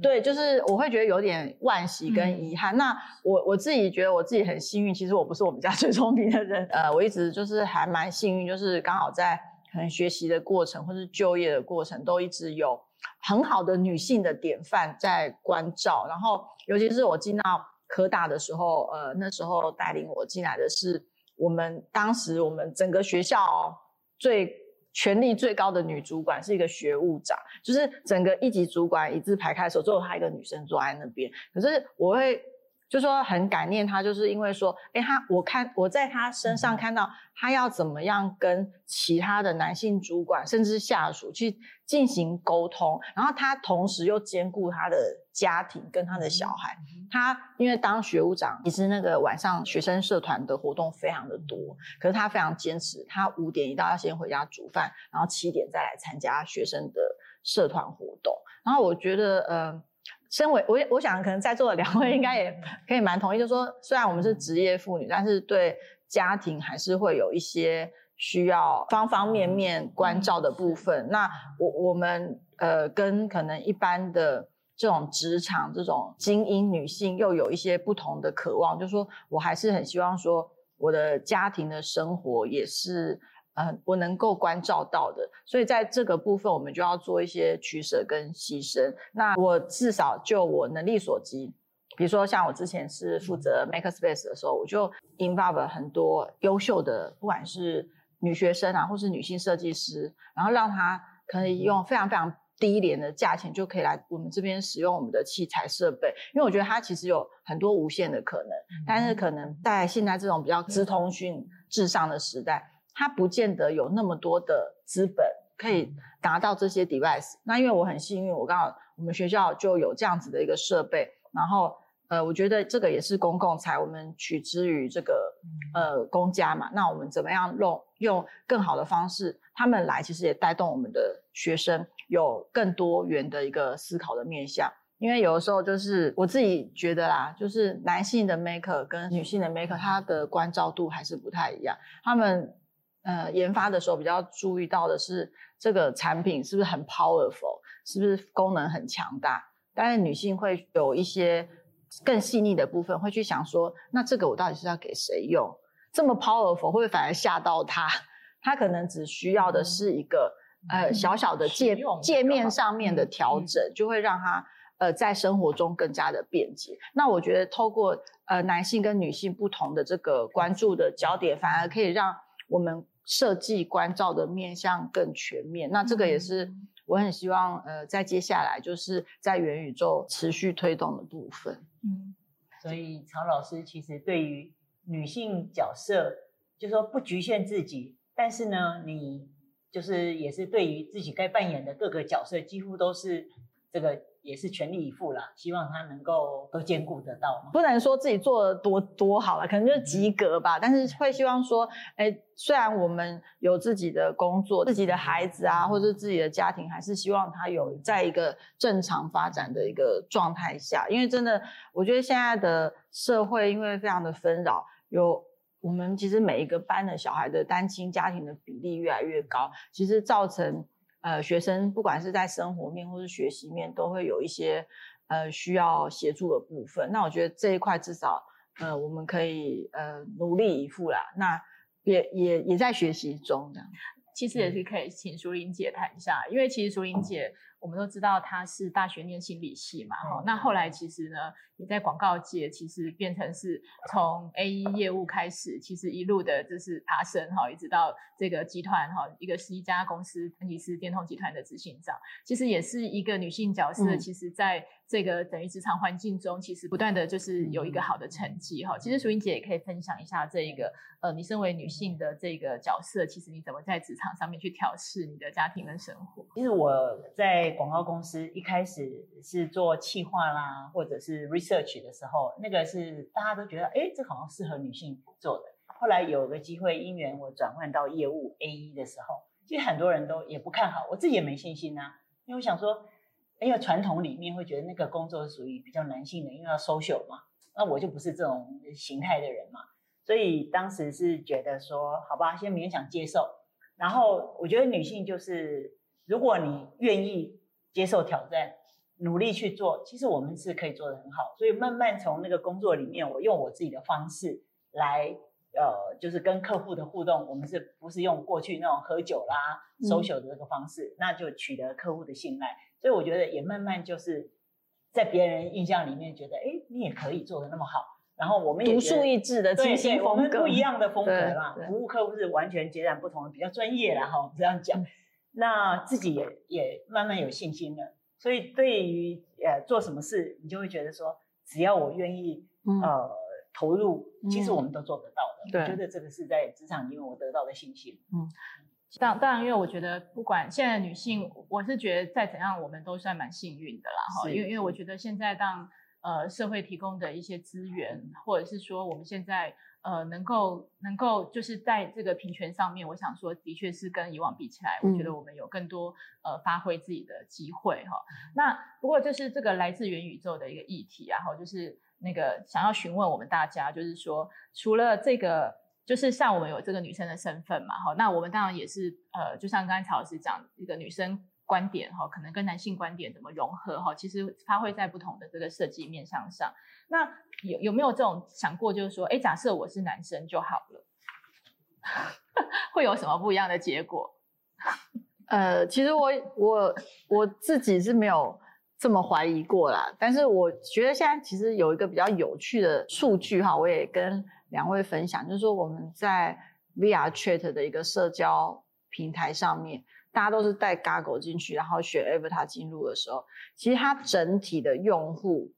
對，就是我會覺得有點惋惜跟遺憾。那我我自己覺得我自己很幸運，其實我不是我們家最聰明的人，呃，我一直就是還蠻幸運，就是剛好在。可能學習的過程或是就業的過程，都一直有很好的女性的典範在關照。然後，尤其是我進到科大的時候，呃，那時候帶領我進來的是我們當時我們整個學校最權力最高的女主管，是一個學務長，就是整個一級主管一字排開的時候，只有她一個女生坐在那邊。可是我會。就說很感念他，就是因為說，哎，他我看我在他身上看到他要怎麼樣跟其他的男性主管甚至下屬去進行溝通，然後他同時又兼顧他的家庭跟他的小孩。嗯、他因為當學務長，其實那個晚上學生社團的活動非常的多，可是他非常堅持，他五點一到要先回家煮飯，然後七點再來參加學生的社團活動。然後我覺得，嗯、呃身為我，我想可能在座的兩位應該也可以蠻同意，就說雖然我們是職業婦女，但是對家庭還是會有一些需要方方面面關照的部分。嗯、那我我們呃，跟可能一般的這種職場這種精英女性又有一些不同的渴望，就說我還是很希望說我的家庭的生活也是。呃，我能夠關照到的，所以在這個部分，我們就要做一些取舍跟犧牲。那我至少就我能力所及，比如說像我之前是負責 Maker Space 的時候，我就 involve 了很多優秀的，不管是女學生啊，或是女性設計師，然後讓她可以用非常非常低廉的價錢就可以來我們這邊使用我們的器材設備，因為我覺得它其實有很多無限的可能，但是可能在現在這種比較資通訊至上的時代。他不見得有那麼多的資本可以達到這些 device。那因為我很幸運，我剛好我們學校就有這樣子的一個設備。然後，呃，我覺得這個也是公共財，我們取之於這個，呃，公家嘛。那我們怎麼樣用用更好的方式？他們來其實也帶動我們的學生有更多元的一個思考的面向。因為有的時候就是我自己覺得啦，就是男性的 maker 跟女性的 maker，他的關照度還是不太一樣。他們呃，研發的時候比較注意到的是，這個產品是不是很 powerful，是不是功能很強大？但是女性會有一些更細膩的部分，會去想說，那這個我到底是要給誰用？這麼 powerful 會不會反而嚇到他？他可能只需要的是一個、嗯、呃小小的介介面上面的調整，嗯、就會讓他呃在生活中更加的便捷。嗯、那我覺得，透過呃男性跟女性不同的這個關注的焦點，對反而可以讓我們。設計關照的面向更全面，那這個也是我很希望，呃，在接下來就是在元宇宙持續推動的部分。嗯，所以曹老師其實對於女性角色，就是說不局限自己，但是呢，你就是也是對於自己該扮演的各個角色，幾乎都是這個。也是全力以赴了，希望他能夠都兼顧得到。不能說自己做的多多好了，可能就是及格吧。嗯、但是會希望說，哎、欸，雖然我們有自己的工作、自己的孩子啊，或者自己的家庭，還是希望他有在一個正常發展的一個狀態下。因為真的，我覺得現在的社會因為非常的紛擾，有我們其實每一個班的小孩的單親家庭的比例越來越高，其實造成。呃，學生不管是在生活面或是學習面，都會有一些呃需要協助的部分。那我覺得這一塊至少呃，我們可以呃努力以赴啦。那也也也在學習中這樣。其實也是可以請淑鈴姐談一下，嗯、因為其實淑鈴姐、嗯。我們都知道她是大學念心理系嘛，哈、嗯，那後來其實呢，也在廣告界，其實變成是從 A E 業務開始，其實一路的就是爬升，哈，一直到這個集團，哈，一個十一家公司，尤其是電通集團的執行長，其實也是一個女性角色，嗯、其實在這個等於職場環境中，其實不斷的就是有一個好的成績，哈。其實淑鈴姐也可以分享一下這一個，呃，你身為女性的這個角色，其實你怎麼在職場上面去調適你的家庭跟生活？其實我在。廣告公司一開始是做企劃啦，或者是 research 的時候，那個是大家都覺得，哎、欸，這好像適合女性做的。後來有個機會因緣，我轉換到業務 AE 的時候，其實很多人都也不看好，我自己也沒信心吶、啊，因為我想說，哎、欸、呦，傳統裡面會覺得那個工作屬於比較男性的，因為要 social 嘛，那我就不是這種形態的人嘛，所以當時是覺得說，好吧，先勉強接受。然後我覺得女性就是，如果你願意，接受挑戰，努力去做，其實我們是可以做得很好，所以慢慢從那個工作裡面，我用我自己的方式來，呃，就是跟客戶的互動，我們是不是用過去那種喝酒啦、收酒、嗯、的這個方式，那就取得客戶的信賴。所以我覺得也慢慢就是在別人印象裡面覺得，哎、欸，你也可以做得那麼好。然後我們也獨樹一幟的風格，對對，我們不一樣的風格啦，服務客戶是完全截然不同的，比較專業啦哈，嗯、我們這樣講。嗯。那自己也也慢慢有信心了，所以對於呃做什麼事，你就會覺得說，只要我願意，嗯、呃投入，其實我們都做得到的。對、嗯，我覺得這個是在職場，因為我得到的信心。嗯，當當然，因為我覺得不管現在的女性，我是覺得再怎樣，我們都算蠻幸運的啦。哈是，因為因為我覺得現在當呃社會提供的一些資源，或者是說我們現在。呃，能夠能夠就是在這個平權上面，我想說，的確是跟以往比起來，嗯、我覺得我們有更多呃發揮自己的機會哈。嗯、那不過就是這個來自元宇宙的一個議題、啊，然後就是那個想要詢問我們大家，就是說除了這個，就是像我們有這個女生的身份嘛，哈，那我們當然也是呃，就像剛才曹老師講，一個女生。觀點哈，可能跟男性觀點怎麼融合哈？其實發揮在不同的這個設計面向上，上。那有有沒有這種想過，就是說，哎，假設我是男生就好了， 會有什麼不一樣的結果？呃，其實我我我自己是沒有這麼懷疑過啦，但是我覺得現在其實有一個比較有趣的數據哈，我也跟兩位分享，就是說我們在 VRChat 的一個社交平台上面。大家都是戴 goggles 進去，然後選 avatar 進入的時候，其實它整體的用戶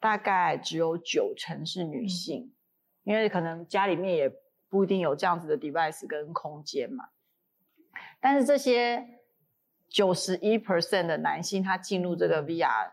大概只有九成是女性，嗯、因為可能家裡面也不一定有這樣子的 device 跟空間嘛。但是這些九十一 percent 的男性，他進入這個 VR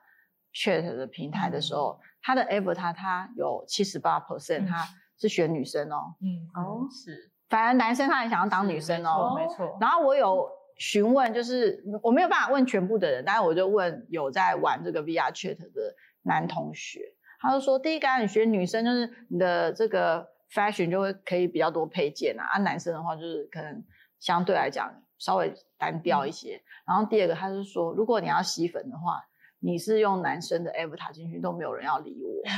chat 的平台的時候，嗯、他的 avatar 他有七十八 percent 他是選女生哦。嗯，哦、嗯，是。反而男生他也想要當女生哦，沒錯。沒錯，然後我有、嗯。詢問就是我沒有辦法問全部的人，但是我就問有在玩這個 VR Chat 的男同學，他就說：第一個，你選女生就是你的這個 fashion 就會可以比較多配件啊，而、啊、男生的話就是可能相對來講稍微單調一些。嗯、然後第二個，他就說：如果你要吸粉的話，你是用男生的 Avatar 進去都沒有人要理我。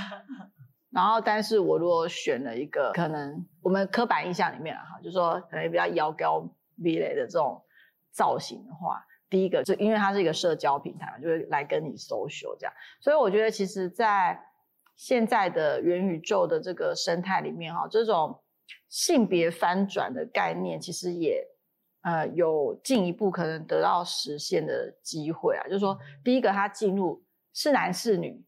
然後，但是我如果選了一個可能我們刻板印象裡面哈、啊，就說可能比較妖嬌美麗的這種。造型的話，第一個就因為它是一個社交平台嘛，就會、是、來跟你 social 這樣。所以我覺得，其實，在現在的元宇宙的這個生態裡面，哈，這種性別翻轉的概念，其實也呃有進一步可能得到實現的機會啊。嗯、就是說，第一個，他進入是男是女，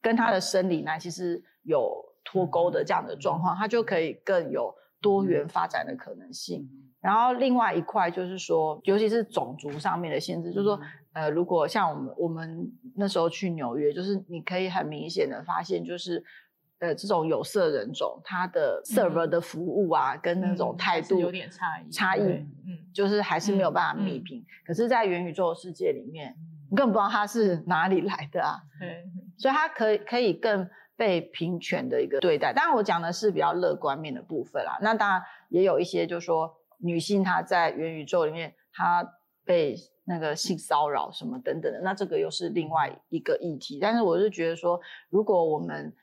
跟他的生理呢，其實有脫鈎的這樣的狀況，他就可以更有多元發展的可能性。嗯然後另外一塊就是說，尤其是種族上面的限制，就是說，嗯、呃，如果像我們我們那時候去紐約，就是你可以很明顯的發現，就是，呃，這種有色人種他的 server 的服務啊，嗯、跟那種態度有點差異，差異，嗯，就是還是沒有辦法弭平。嗯、可是，在元宇宙的世界裡面，嗯、你更不知道他是哪裡來的啊，對所以他可以可以更被平權的一個對待。當然，我講的是比較樂觀面的部分啦、啊。那當然也有一些，就是說。女性她在元宇宙裡面，她被那個性騷擾什麼等等的，那這個又是另外一個議題。但是我是覺得說，如果我們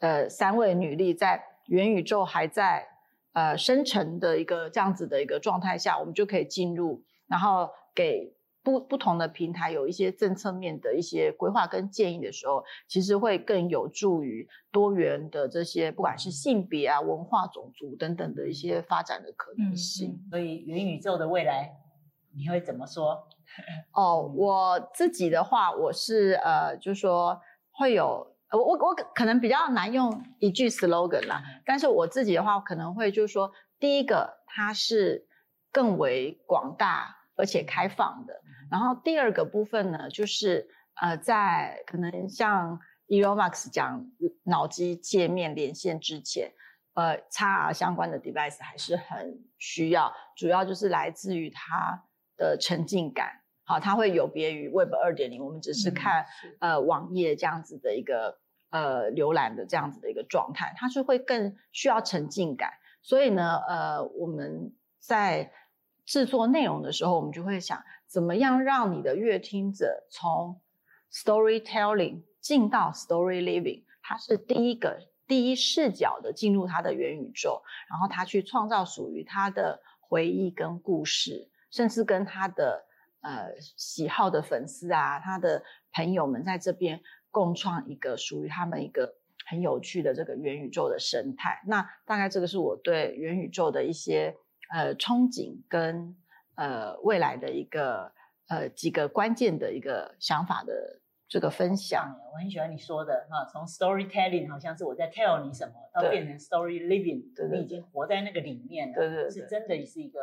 呃三位女力在元宇宙還在呃生成的一個這樣子的一個狀態下，我們就可以進入，然後給。不不同的平台有一些政策面的一些規劃跟建議的時候，其實會更有助於多元的這些不管是性別啊、文化、種族等等的一些發展的可能性。嗯，所以元宇宙的未來，你會怎麼說？哦，我自己的話，我是呃，就是說會有我我我可能比較難用一句 slogan 啦，但是我自己的話可能會就是說，第一個它是更為廣大而且開放的。然後第二個部分呢，就是呃，在可能像 Elon Musk 講腦機界面連線之前，呃，XR 相關的 device 還是很需要，主要就是來自於它的沉浸感。好、啊，它會有別於 Web 二點零，我們只是看、嗯、是呃網頁這樣子的一個呃瀏覽的這樣子的一個狀態，它是會更需要沉浸感。所以呢，呃，我們在制作內容的時候，我們就會想。怎麼樣讓你的閱聽者從 storytelling 進到 story living？他是第一個第一視角的進入他的元宇宙，然後他去創造屬於他的回憶跟故事，甚至跟他的呃喜好的粉絲啊，他的朋友們在這邊共創一個屬於他們一個很有趣的這個元宇宙的生態。那大概這個是我對元宇宙的一些呃憧憬跟。呃，未來的一個呃幾個關鍵的一個想法的這個分享，嗯、我很喜歡你說的哈、啊，從 storytelling 好像是我在 tell 你什麼，到變成 story living，你已經活在那個裡面了，對對，對對是真的也是一個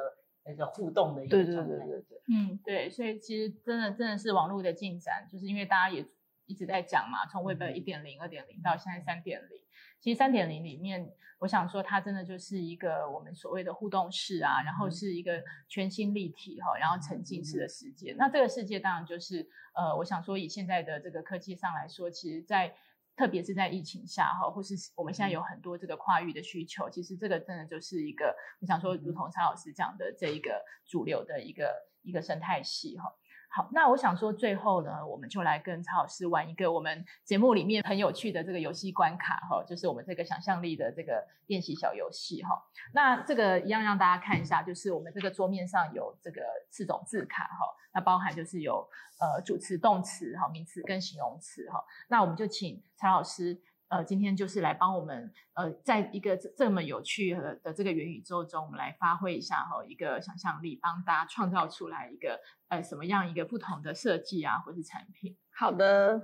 那個互動的一個狀態。對對對對對嗯，對，所以其實真的真的是網絡的進展，就是因為大家也一直在講嘛，從 Web 一點零、二點零到現在三點零。其實三點零裡面，我想說它真的就是一個我們所謂的互動式啊，然後是一個全新立體哈，然後沉浸式的世界。嗯、那這個世界當然就是呃，我想說以現在的這個科技上來說，其實在，在特別是在疫情下哈，或是我們現在有很多這個跨域的需求，其實這個真的就是一個我想說，如同曹老師講的這一個主流的一個一個生態系哈。好，那我想說最後呢，我們就來跟曹老師玩一個我們節目裡面很有趣的這個遊戲關卡哈，就是我們這個想象力的這個練習小遊戲哈。那這個一樣讓大家看一下，就是我們這個桌面上有這個四種字卡哈，那包含就是有呃主詞、動詞哈、名詞跟形容詞哈。那我們就請曹老師。呃，今天就是來幫我們，呃，在一個這，這麼有趣的的這個元宇宙中，我們來發揮一下哈一個想象力，幫大家創造出來一個呃什麼樣一個不同的設計啊，或是產品。好的，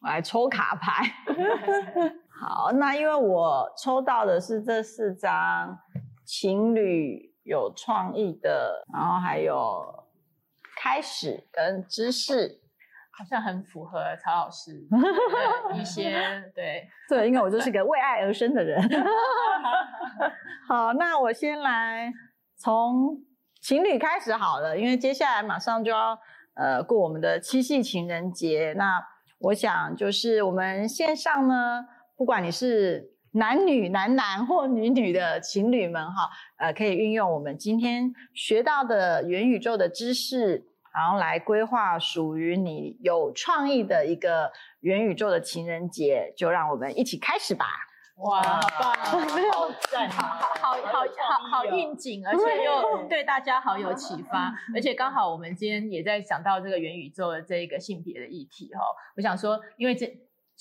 我來抽卡牌。 好，那因為我抽到的是這四張情侶有創意的，然後還有開始跟知識。好像很符合曹老師的一些對 對，對 因為我就是個為愛而生的人。 好，那我先來從情侶開始好了，因為接下來馬上就要呃過我們的七夕情人節。那我想就是我們線上呢，不管你是男女、男男或女女的情侶們哈，呃，可以運用我們今天學到的元宇宙的知識。然後來規劃屬於你有創意的一個元宇宙的情人節，就讓我們一起開始吧！哇，好棒， 好好好好，好，好，好應景，而且又對大家好有啟發，哦、而且剛好我們今天也在想到這個元宇宙的這一個性別的議題哈、哦，我想說，因為這。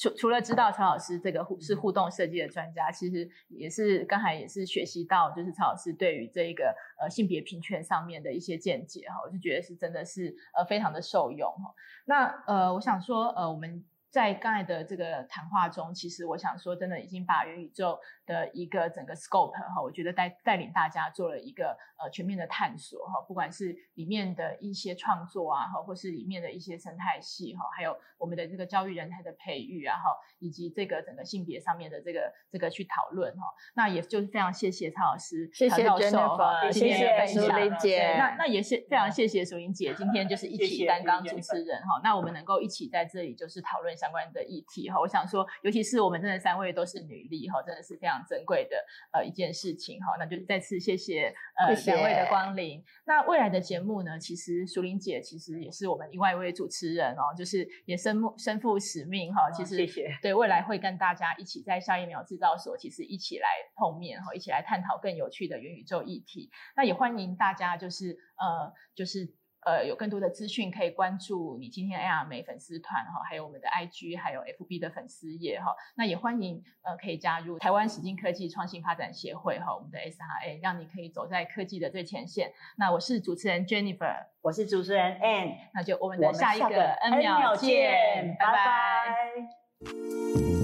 除除了知道曹老師這個互是互動設計的專家，其實也是剛才也是學習到，就是曹老師對於這一個呃性別平權上面的一些見解哈，我就覺得是真的是呃非常的受用哈。那呃我想說呃我們在剛才的這個談話中，其實我想說真的已經把元宇宙的一個整個 scope 哈，我覺得帶帶領大家做了一個呃全面的探索哈，不管是裡面的一些創作啊哈，或是裡面的一些生態系哈，還有我們的這個教育人才的培育，啊，以及這個整個性別上面的這個這個去討論哈，那也就是非常謝謝曹老師謝謝教授，Jennifer, 謝謝淑鈴姐，那那也是非常謝謝淑鈴姐今天就是一起擔當主持人哈，謝謝謝謝，那我們能夠一起在這裡就是討論相關的議題哈，我想說，尤其是我們真的三位都是女力哈，真的是非常。珍貴的呃一件事情哈、哦，那就再次謝謝呃兩謝謝位的光臨。那未來的節目呢，其實淑鈴姐其實也是我們另外一位主持人哦，就是也身身負使命哈。謝謝。對，未來會跟大家一起在下一秒製造所，其實一起來碰面，哈、哦，一起來探討更有趣的元宇宙議題。那也歡迎大家就是呃就是。呃，有更多的資訊可以關注你今天 A R 美粉絲團哈，還有我們的 I G，還有 F B 的粉絲也哈。那也歡迎呃可以加入台灣使金科技創新發展協會哈，我們的 S R A，讓你可以走在科技的最前線。那我是主持人 Jennifer，我是主持人 a n 那就我們的下一個 N 秒見，秒見拜拜。拜拜。